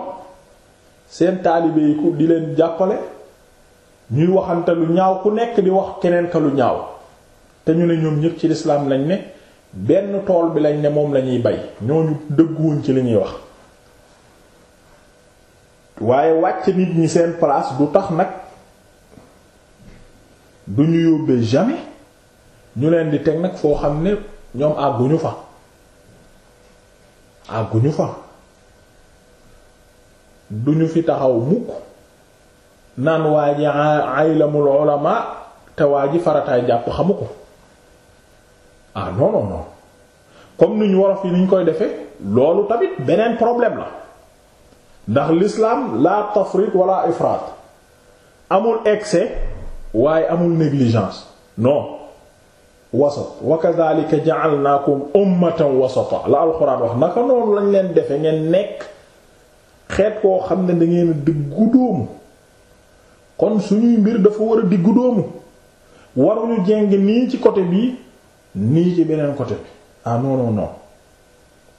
seen taalibe yi ku di leen jàppale ñuy waxante lu ñaaw ku nekk di wax keneen ka lu ñaaw te ñu ne ñoom ñëpp ci lislaam lañ ne benn tool bi lañ ne moom lañuy bay ñooñu dëgguwuñ ci li ñuy wax waaye wàcc nit ñi seen place du tax nag du ñu yóbbee jamais ñu leen di teg nag foo xam ne ñoom àgguñu fa àgguñu fa duñu fi taxaw mukk naan waa ji aylamul ulama te waa ji farataay jàpp xamu ko ah non non comme ni ñu wolof yi ni koy defee loolu tamit beneen problème la ndax lislaam la tafrit wala ifraat amul excès waaye amul négligence non wasat wa kadhalika ja'alnakum ummatan wasata la alxuraan wax naka noonu lañ leen defe ngeen nekk xeet koo xam ne dangeen diggu dóomu kon suñuy mbir dafa war a diggu dóomu waruñu jeng nii ci côté bii nii ci beneen côté bi ah non non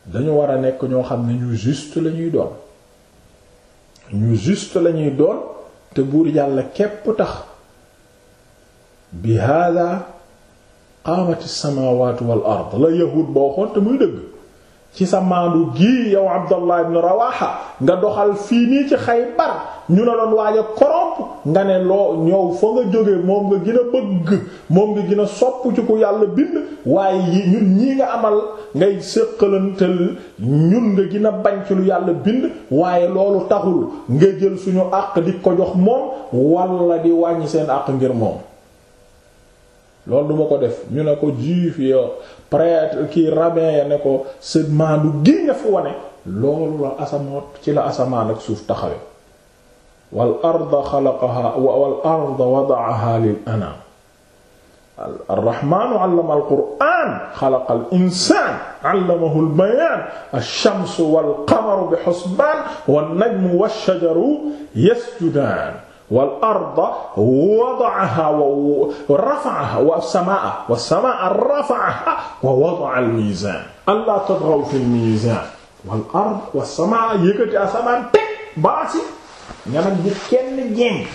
dañu war a nekk ñoo xam ne ñu juste lañuy doon ñu juste lañuy doon te buur yàlla képp tax bi hada qaamati samawatu wal ard la yahud boo xoon te muy dëgg ci sa maandu gii yow Abdallah ibn Rawaha nga doxal fii nii ci Xaybar ñu la doon waaja corrompre nga ne loo ñëw fa nga jóge moom nga gën a bëgg moom nga gën a sopp ci ku yàlla bind waaye yi ñun ñii nga amal ngay séqalantal ñun nga gin a bañ ci lu yàlla bind waaye loolu taxul nga jël suñu àq di ko jox moom walla di wàññi seen àq ngir moom lool du ma ko def ñu ne ko juif yo prêtre kii rabbin ya ne ko sët gi nga fi wane loolu la asamaat ci la asamaan ak suuf taxawe wal arda wal arda wada'aha lil anam arrahmaanu allama alqur'aan xalaqa al insaan allamahu al bayaan wal qamaru bi husbaan wan najmu wash shajaru yasjudaan wal arda wada'aha wa rafa'aha wa samaa wa samaa rafa'aha wa wada'a al mizan alla tatghaw fil mizan wal ard wa samaa yëkkati asamaan teg baasi nga nag bu kenn jéng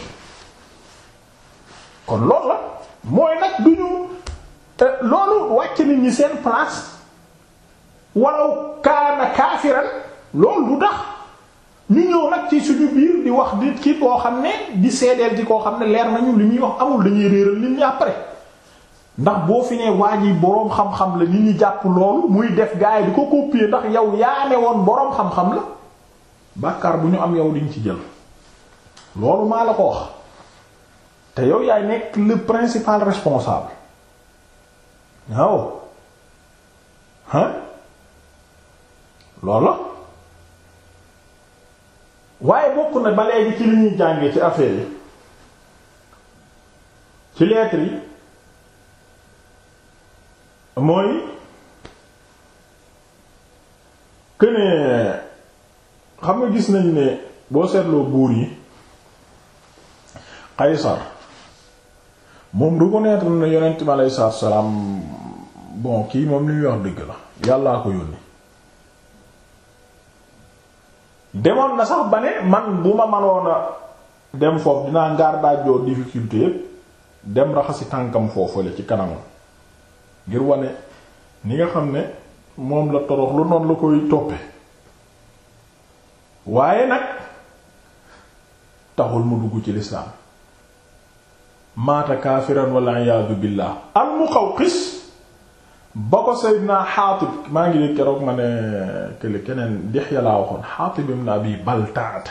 kon loolu la mooy nag du ñu loolu wàcc nit ñi seen place walaw kaana kaafiran loolu du tax ñu ñëw nag ci suñu biir di wax nit ki koo xam ne di seedeel di koo xam ne leer nañu li ñuy wax amul dañuy réeral li ñi après ndax boo fi ne waa ji boroom xam-xam la nit ñi jàpp loolu muy def gaay di ko copier ndax yow yaa ne woon boroom xam-xam la bàkkaar bu ñu am yow liñ ci jël loolu maa la ko wax te yow yaay nekk le principal responsable waaw ah loolu la waaye bokk na ba léegi ci li ñuy jànge ci affaire yi ci lettre yi mooy que xam nga gis nañ ne boo seetloo buur yi Qaysar moom reconnaître na yonent mi aleyhi salaatu wa salaam bon kii moom li muy wax dëgg la yàllaa ko yónni demoon na sax ba ne man bu ma manoon a dem foofu dinaa ngaar daajoo difficulté yépp dem raxasi tànkam foofale ci kanamam ngir wane ni nga xam ne moom la torox lu noonu la koy toppe waaye nag taxul mu dugg ci lislaam maata kaafiran walla iyaadu billaah al Muqawqis ba ko Seydina Xaatib maa ngi keroog ma ne kële keneen Dihya laa waxoon Xaatib ibn Abi Baltaata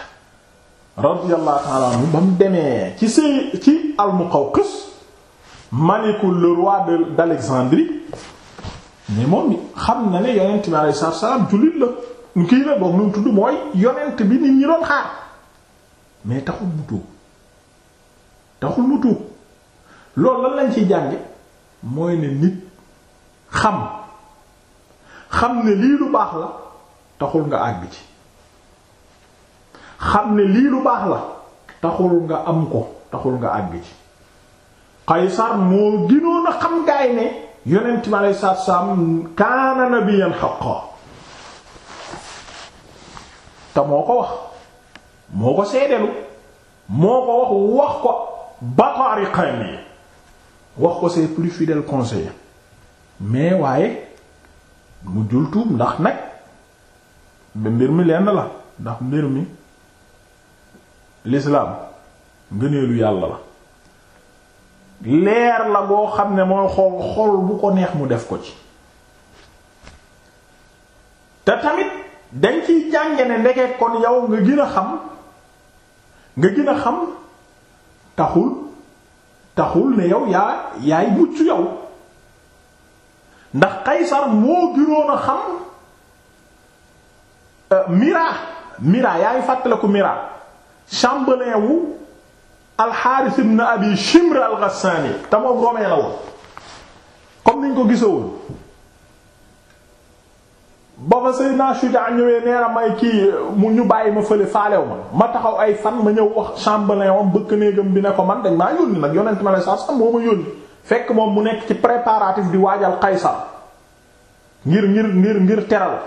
radiyallahu ta'ala anhu ba mu demee ci sëy ci al-Muqawqis maliku le roi de d'Alexandrie mais moom xam na ne yonent bi alayhi salaam jullit la kii la boog nu tudd mooy yonent bi nit ñi doon xaar mais taxul mu taxul mu loolu lan lañ ci jànge mooy ne nit xam xam ne lii lu baax la taxul nga àgg ci xam ne lii lu baax la taxul nga am ko taxul nga àgg ci Qaysar moo gënoon a xam gaay ne yonent bi aleyhi salaatu salaam kaana nabiyyan haqqan te moo ko wax moo ko seedelu moo ko wax wax ko bataari xayni wax ko ses plus fidèles conseillers mais waaye mujjul tuub ndax nag mbir mi lenn la ndax mbir mi lislaam ngëneelu yàlla la leer la boo xam ne mooy xool xol bu ko neex mu def ko ci te tamit dañ ciy jànge ne ndeke kon yow nga gën a xam nga gën a xam taxul taxul ne yow yaa yaay mucc yow ndax Qaysar moo gënoon a xam euh, Mira Mira yaa ngi fàttaliku Mira chambellan wu Al-Harith Abi Shimr al te moom romain la woon comme niñ ko gisoon ba fa Seydina Shuja ñëwee nee may kii mu ñu bàyyi ma fële faalew ma ma taxaw ay fan ma ñëw wax chambellan wam bëkk néegam bi ne ko man dañ maa yónni nag yonent ma lay sax sax moo ma yónni fekk moom mu nekk ci préparatif di waajal Qaysar ngir ngir ngir ngir teral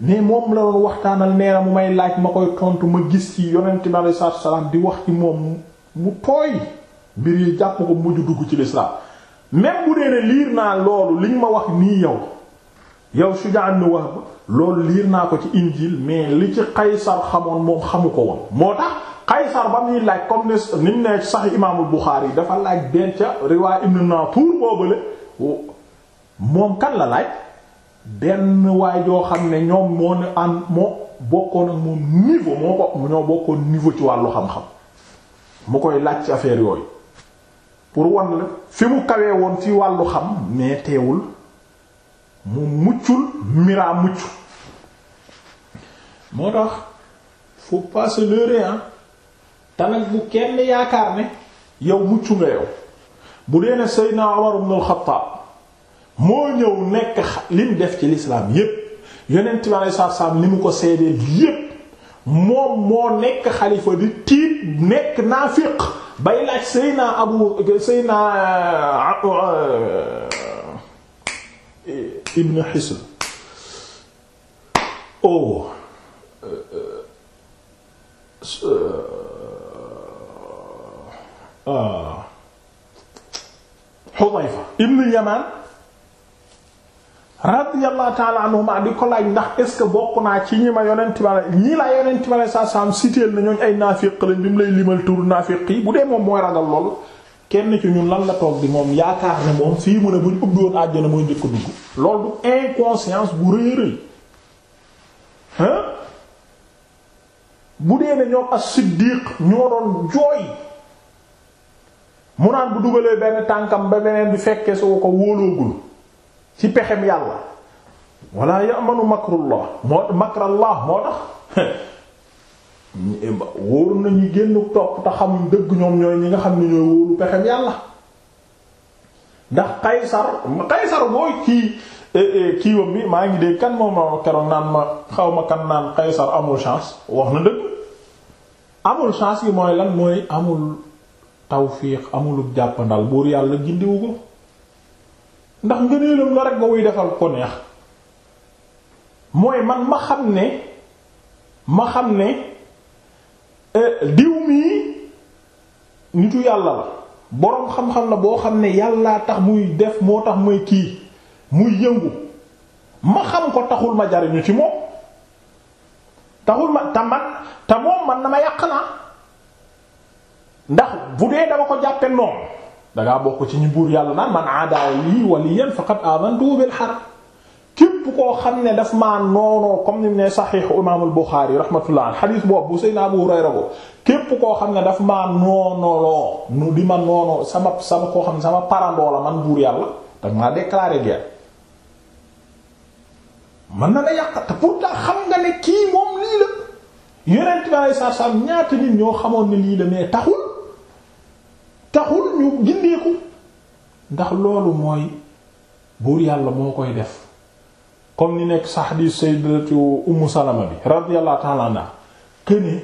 mais moom la doon waxtaanal nee na mu may laaj ma koy tontu ma gis ci yonent ma alayhi salaatu salaam di wax ci moom mu tooy mbir yi jàpp ko mujj dugg ci lislaam même bu dee ne liir naa loolu liñ ma wax nii yow yow Shujaa ibn Wahb loolu liir naa ko ci injil mais li ci Qaysar xamoon moom xamu ko woon moo tax. Qaysar ba muy laaj comme ni mu ne sax imaamul Buxaari dafa laaj benn ca riwaay Ibn Natur boobule moom kan la laaj benn waay joo xam ne ñoom moo ne an moo bokkoon ak moom niveau moo ko ñoo bokkoon niveau ci wàllu xam mu koy laaj ci affaire yooyu pour wan la fi mu kawee woon ci wàllu xam mais teewul mu muccul mira mucc moo tax faut pas se leurrer te nag bu kenn yaakaar ne yow mucc nga yow bu dee ne Seydina Umar ibn al moo ñëw nekk lim def ci lislaam yépp yonent li mu ko seedeel yépp moom moo nekk xalifa di tiit nekk naafiq bay laaj Seydina Abu Seydina eh, Ibn Hisn oh eh, eh, Ah. Xudayfa ibn Yamaan radiyallahu ta'ala anhuma di ko laaj ndax est ce que bokk naa ci ñi ma yonent ma ñii laa yonent ma saa saam siteel na ñooñ ay naafiq lañ bi mu lay limal tur naafiq yi bu dee moom mooy ragal loolu kenn ci ñun lan la toog bi moom yaakaar ne moom fii mu ne buñ ubbi woon àjjana mooy njëkk dugg loolu du inconscience bu rëy rëy hein bu dee ne ñoom as-Siddiq ñoo doon jooy mu naan bu dugalee benn tànkam ba beneen bi fekkee soo ko wóoloogul ci pexem yàlla wala ya'manu makrullah moo makrallah moo tax wóor na ñu génn topp te xamuñ dëgg ñoom ñooy ñi nga xam ne ñooy wóolu pexem yàlla ndax Qaysar Qaysar mooy kii eh, eh, kiiwam bi maa ngi dégg kan moom ma keroog naan ma xaw ma kan naan Qaysar amul chance wax na dëgg amul chance yi mooy lan mooy amul tawfiix amulu jàppandal buur yàlla gindiwu ko ndax ngëneelam la rek nga wuy defal ko neex mooy man ma xam ne ma xam ne e, diw mii nitu yàlla la boroom xam-xam la boo xam ne yàllaa tax muy def moo tax may kii muy yëngu ma xam ko taxul ma jariñu ci moom taxul ma te man te moom man na ma yàq naa ndax bu dee dama ko jàppe noonu dangaa bokk ci ñu buur yàlla naan man aadaa lii waliyan faqad aamantu bil harb képp koo xam ne daf maa noonoo comme ni mu ne saxiixu imaamul Buxaari rahmatullah xadiis boobu bu Seydina Abu képp koo xam ne dafa maa noonoloo nu di ma noonoo sama sama koo xam ne sama parandoo la man buur yàlla dag maa déclaré guerre mën na la yàq te pourtant xam nga ne kii moom lii la yonent bi alayhi salaam ñaata nit ñoo xamoon ne lii la mais taxul taxul ñu gindeeku ndax loolu mooy buur yàlla moo koy def comme ni nekk sax di sayyidatu ummu salama bi radiyallahu ta'ala anha këne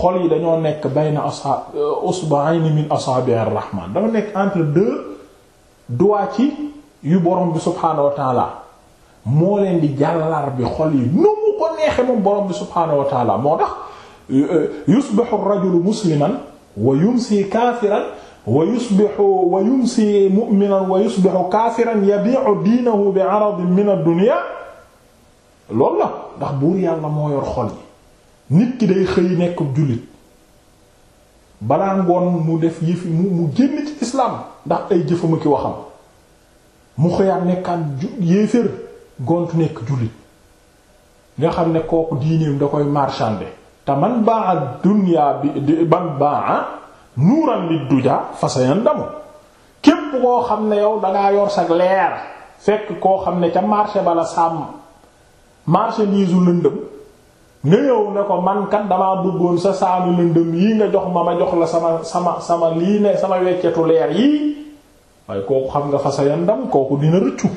xol yi dañoo nekk bayna asa euh, usba'ayn min asabi'ir rahman dama nekk entre deux doigts ci yu borom bi subhaanahu wa ta'ala moo leen di jàllar bi xol yi nu mu ko neexe borom bi subhaanahu wa moo tax euh, euh, yusbihu ar-rajulu musliman wa yumsi kaafiran wa yusbihu wa yumsi mu'minan wa yusbihu kaafiran yabi'u diinahu bi 'aradin min ad-dunya loolu la ndax buur yàlla moo yor xol yi nit ki day xëy nekk jullit balaa ngoon mu def yëfi mu ndax ay jëfama ki mu xëyaat nekkaat nekk jullit nga xam ne kooku diineem da koy marchander te man baa dunya bi man baa nuuran du duja fasayan damu képp koo xam ne yow dangaa yor sag leer fekk koo xam ne ca marché la sàmm marché niisu lëndëm nga ñëw ne ko man kat damaa duggoon sa saamu lëndëm yii nga jox ma ma jox la sama sama sama lii ne sama weccetu leer yii waaye kooku xam nga fasayan dam kooku dina rëccu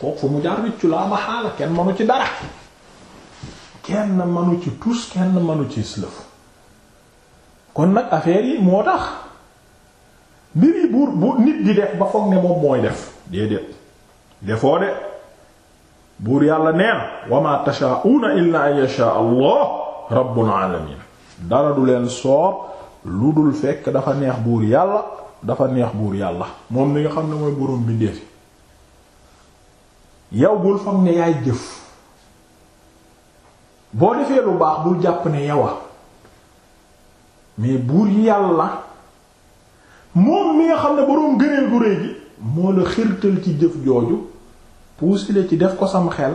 kooku fu mu jaar rëccu laa ma xaala kenn manu ci dara kenn manu ci tus kenn manu ci islëf kon nag affaire yi moo tax mbir yi buur bu nit di def ba foog ne moom mooy def déedéet defoo de buur yàlla neen wa ma tashaauna illa an yasha allah rabbul alamin dara du leen soob lu dul fekk dafa neex buur yàlla dafa neex buur yàlla moom ni nga xam ne mooy boroom bindeef yow bul foog ne yaay jëf boo defee lu baax bul jàpp ne yawa mais buur yàlla moom mi nga xam ne boroom gëneel gu réy gi moo la xirtal ci jëf jooju puusi la ci def ko sam xel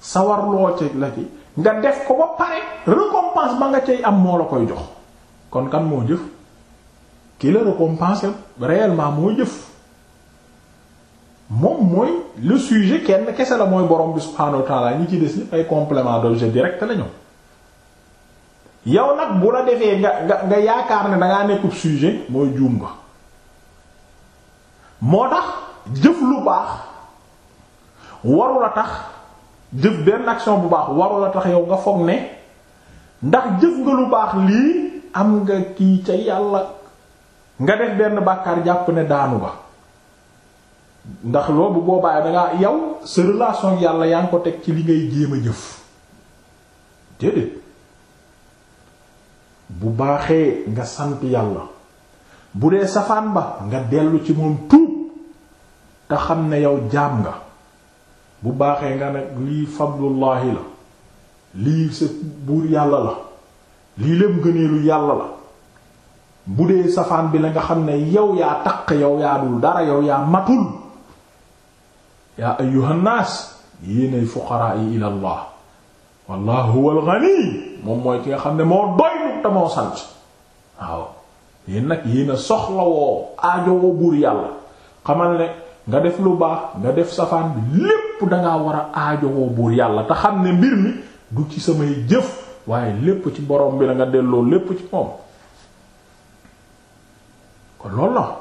sawarloo ci la ci nga def ko ba pare récompense ba nga cay am moo la koy jox kon kan moo jëf ki la récompense réellement moo jëf moom mooy le sujet kenn kese la mooy borom bi subhaanahu wa ta'ala ñi ci des ñépp ay complément d'objet direct la yow nag bu la defee nga nga yaakaar ne dangaa nekkub sujet mooy juum nga moo tax jëf lu baax waru a tax jëf benn action bu baax waru la tax yow nga foog ne ndax jëf nga lu baax lii am nga kii ca yàlla nga def benn bàkkaar jàpp ne daanu ba ndax loolu bu boobaa dangaa yow sa relation yàlla yaa ngi ko teg ci li ngay jéem a jëf bu baaxee nga sant yàlla bu dee safaan ba nga dellu ci moom tuub te xam ne yow jaam nga bu baaxee nga ne lii fadlullaahi la lii sa buur yàlla la lii lépp gëneelu yàlla la bu dee safaan bi la nga xam ne yow yaa taq yow yaa dul dara yow yaa matul yaa ayyuhannaas yéenay fuqaraa yi ilallah wallaahu huwal ghani moom mooy ki nga xam ne moo doylu te moo sant waaw yéen nag yéen a soxlawoo aajowoo buur yàlla xamal ne nga def lu baax nga def safaan bi lépp dangaa war a aajowoo buur yàlla te xam ne mbir mi du ci samay jëf waaye lépp ci borom bi la nga delloo lépp ci moom kon loolu la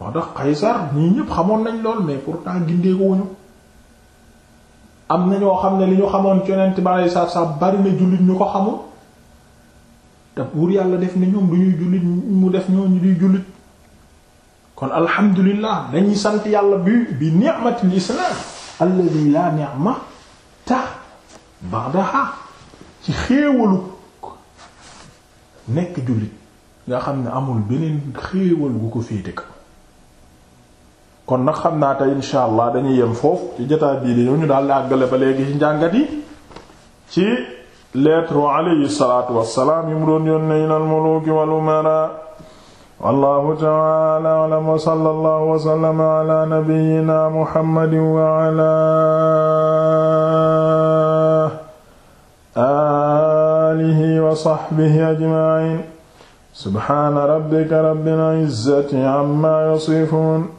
moo tax Qaysar ñii ñépp xamoon nañ lool mais pourtant gindee ko wuñu am na ñoo xam ne li ñu xamoon ci yonent bi alayhi salaatu salaam bari na jullit ñu ko xamul te buur yàlla def ne ñoom du ñuy jullit mu def ñoo ñu di jullit kon alhamdulillah dañuy sant yàlla bi bi ni'matil islam alladhi la ni'ma ta ba'daha ci xéewalu nekk jullit nga xam ne amul beneen xéewal gu ko féete ka kon nag xam naa tey insha allah dañuy yem foofu ci jotaay bii di ñëw ñu daal di àggale ba léegi ci njàngat yi ci lettre alayhi salaatu wassalaam yi mu doon yónnee ilal muluki wal umara wallahu ta'ala a'lam wa sallallahu wa sallama ala nabiyyina muhammadin wa ala alihi wa sahbihi ajma'in subhana rabbika rabbil izzati amma yasifun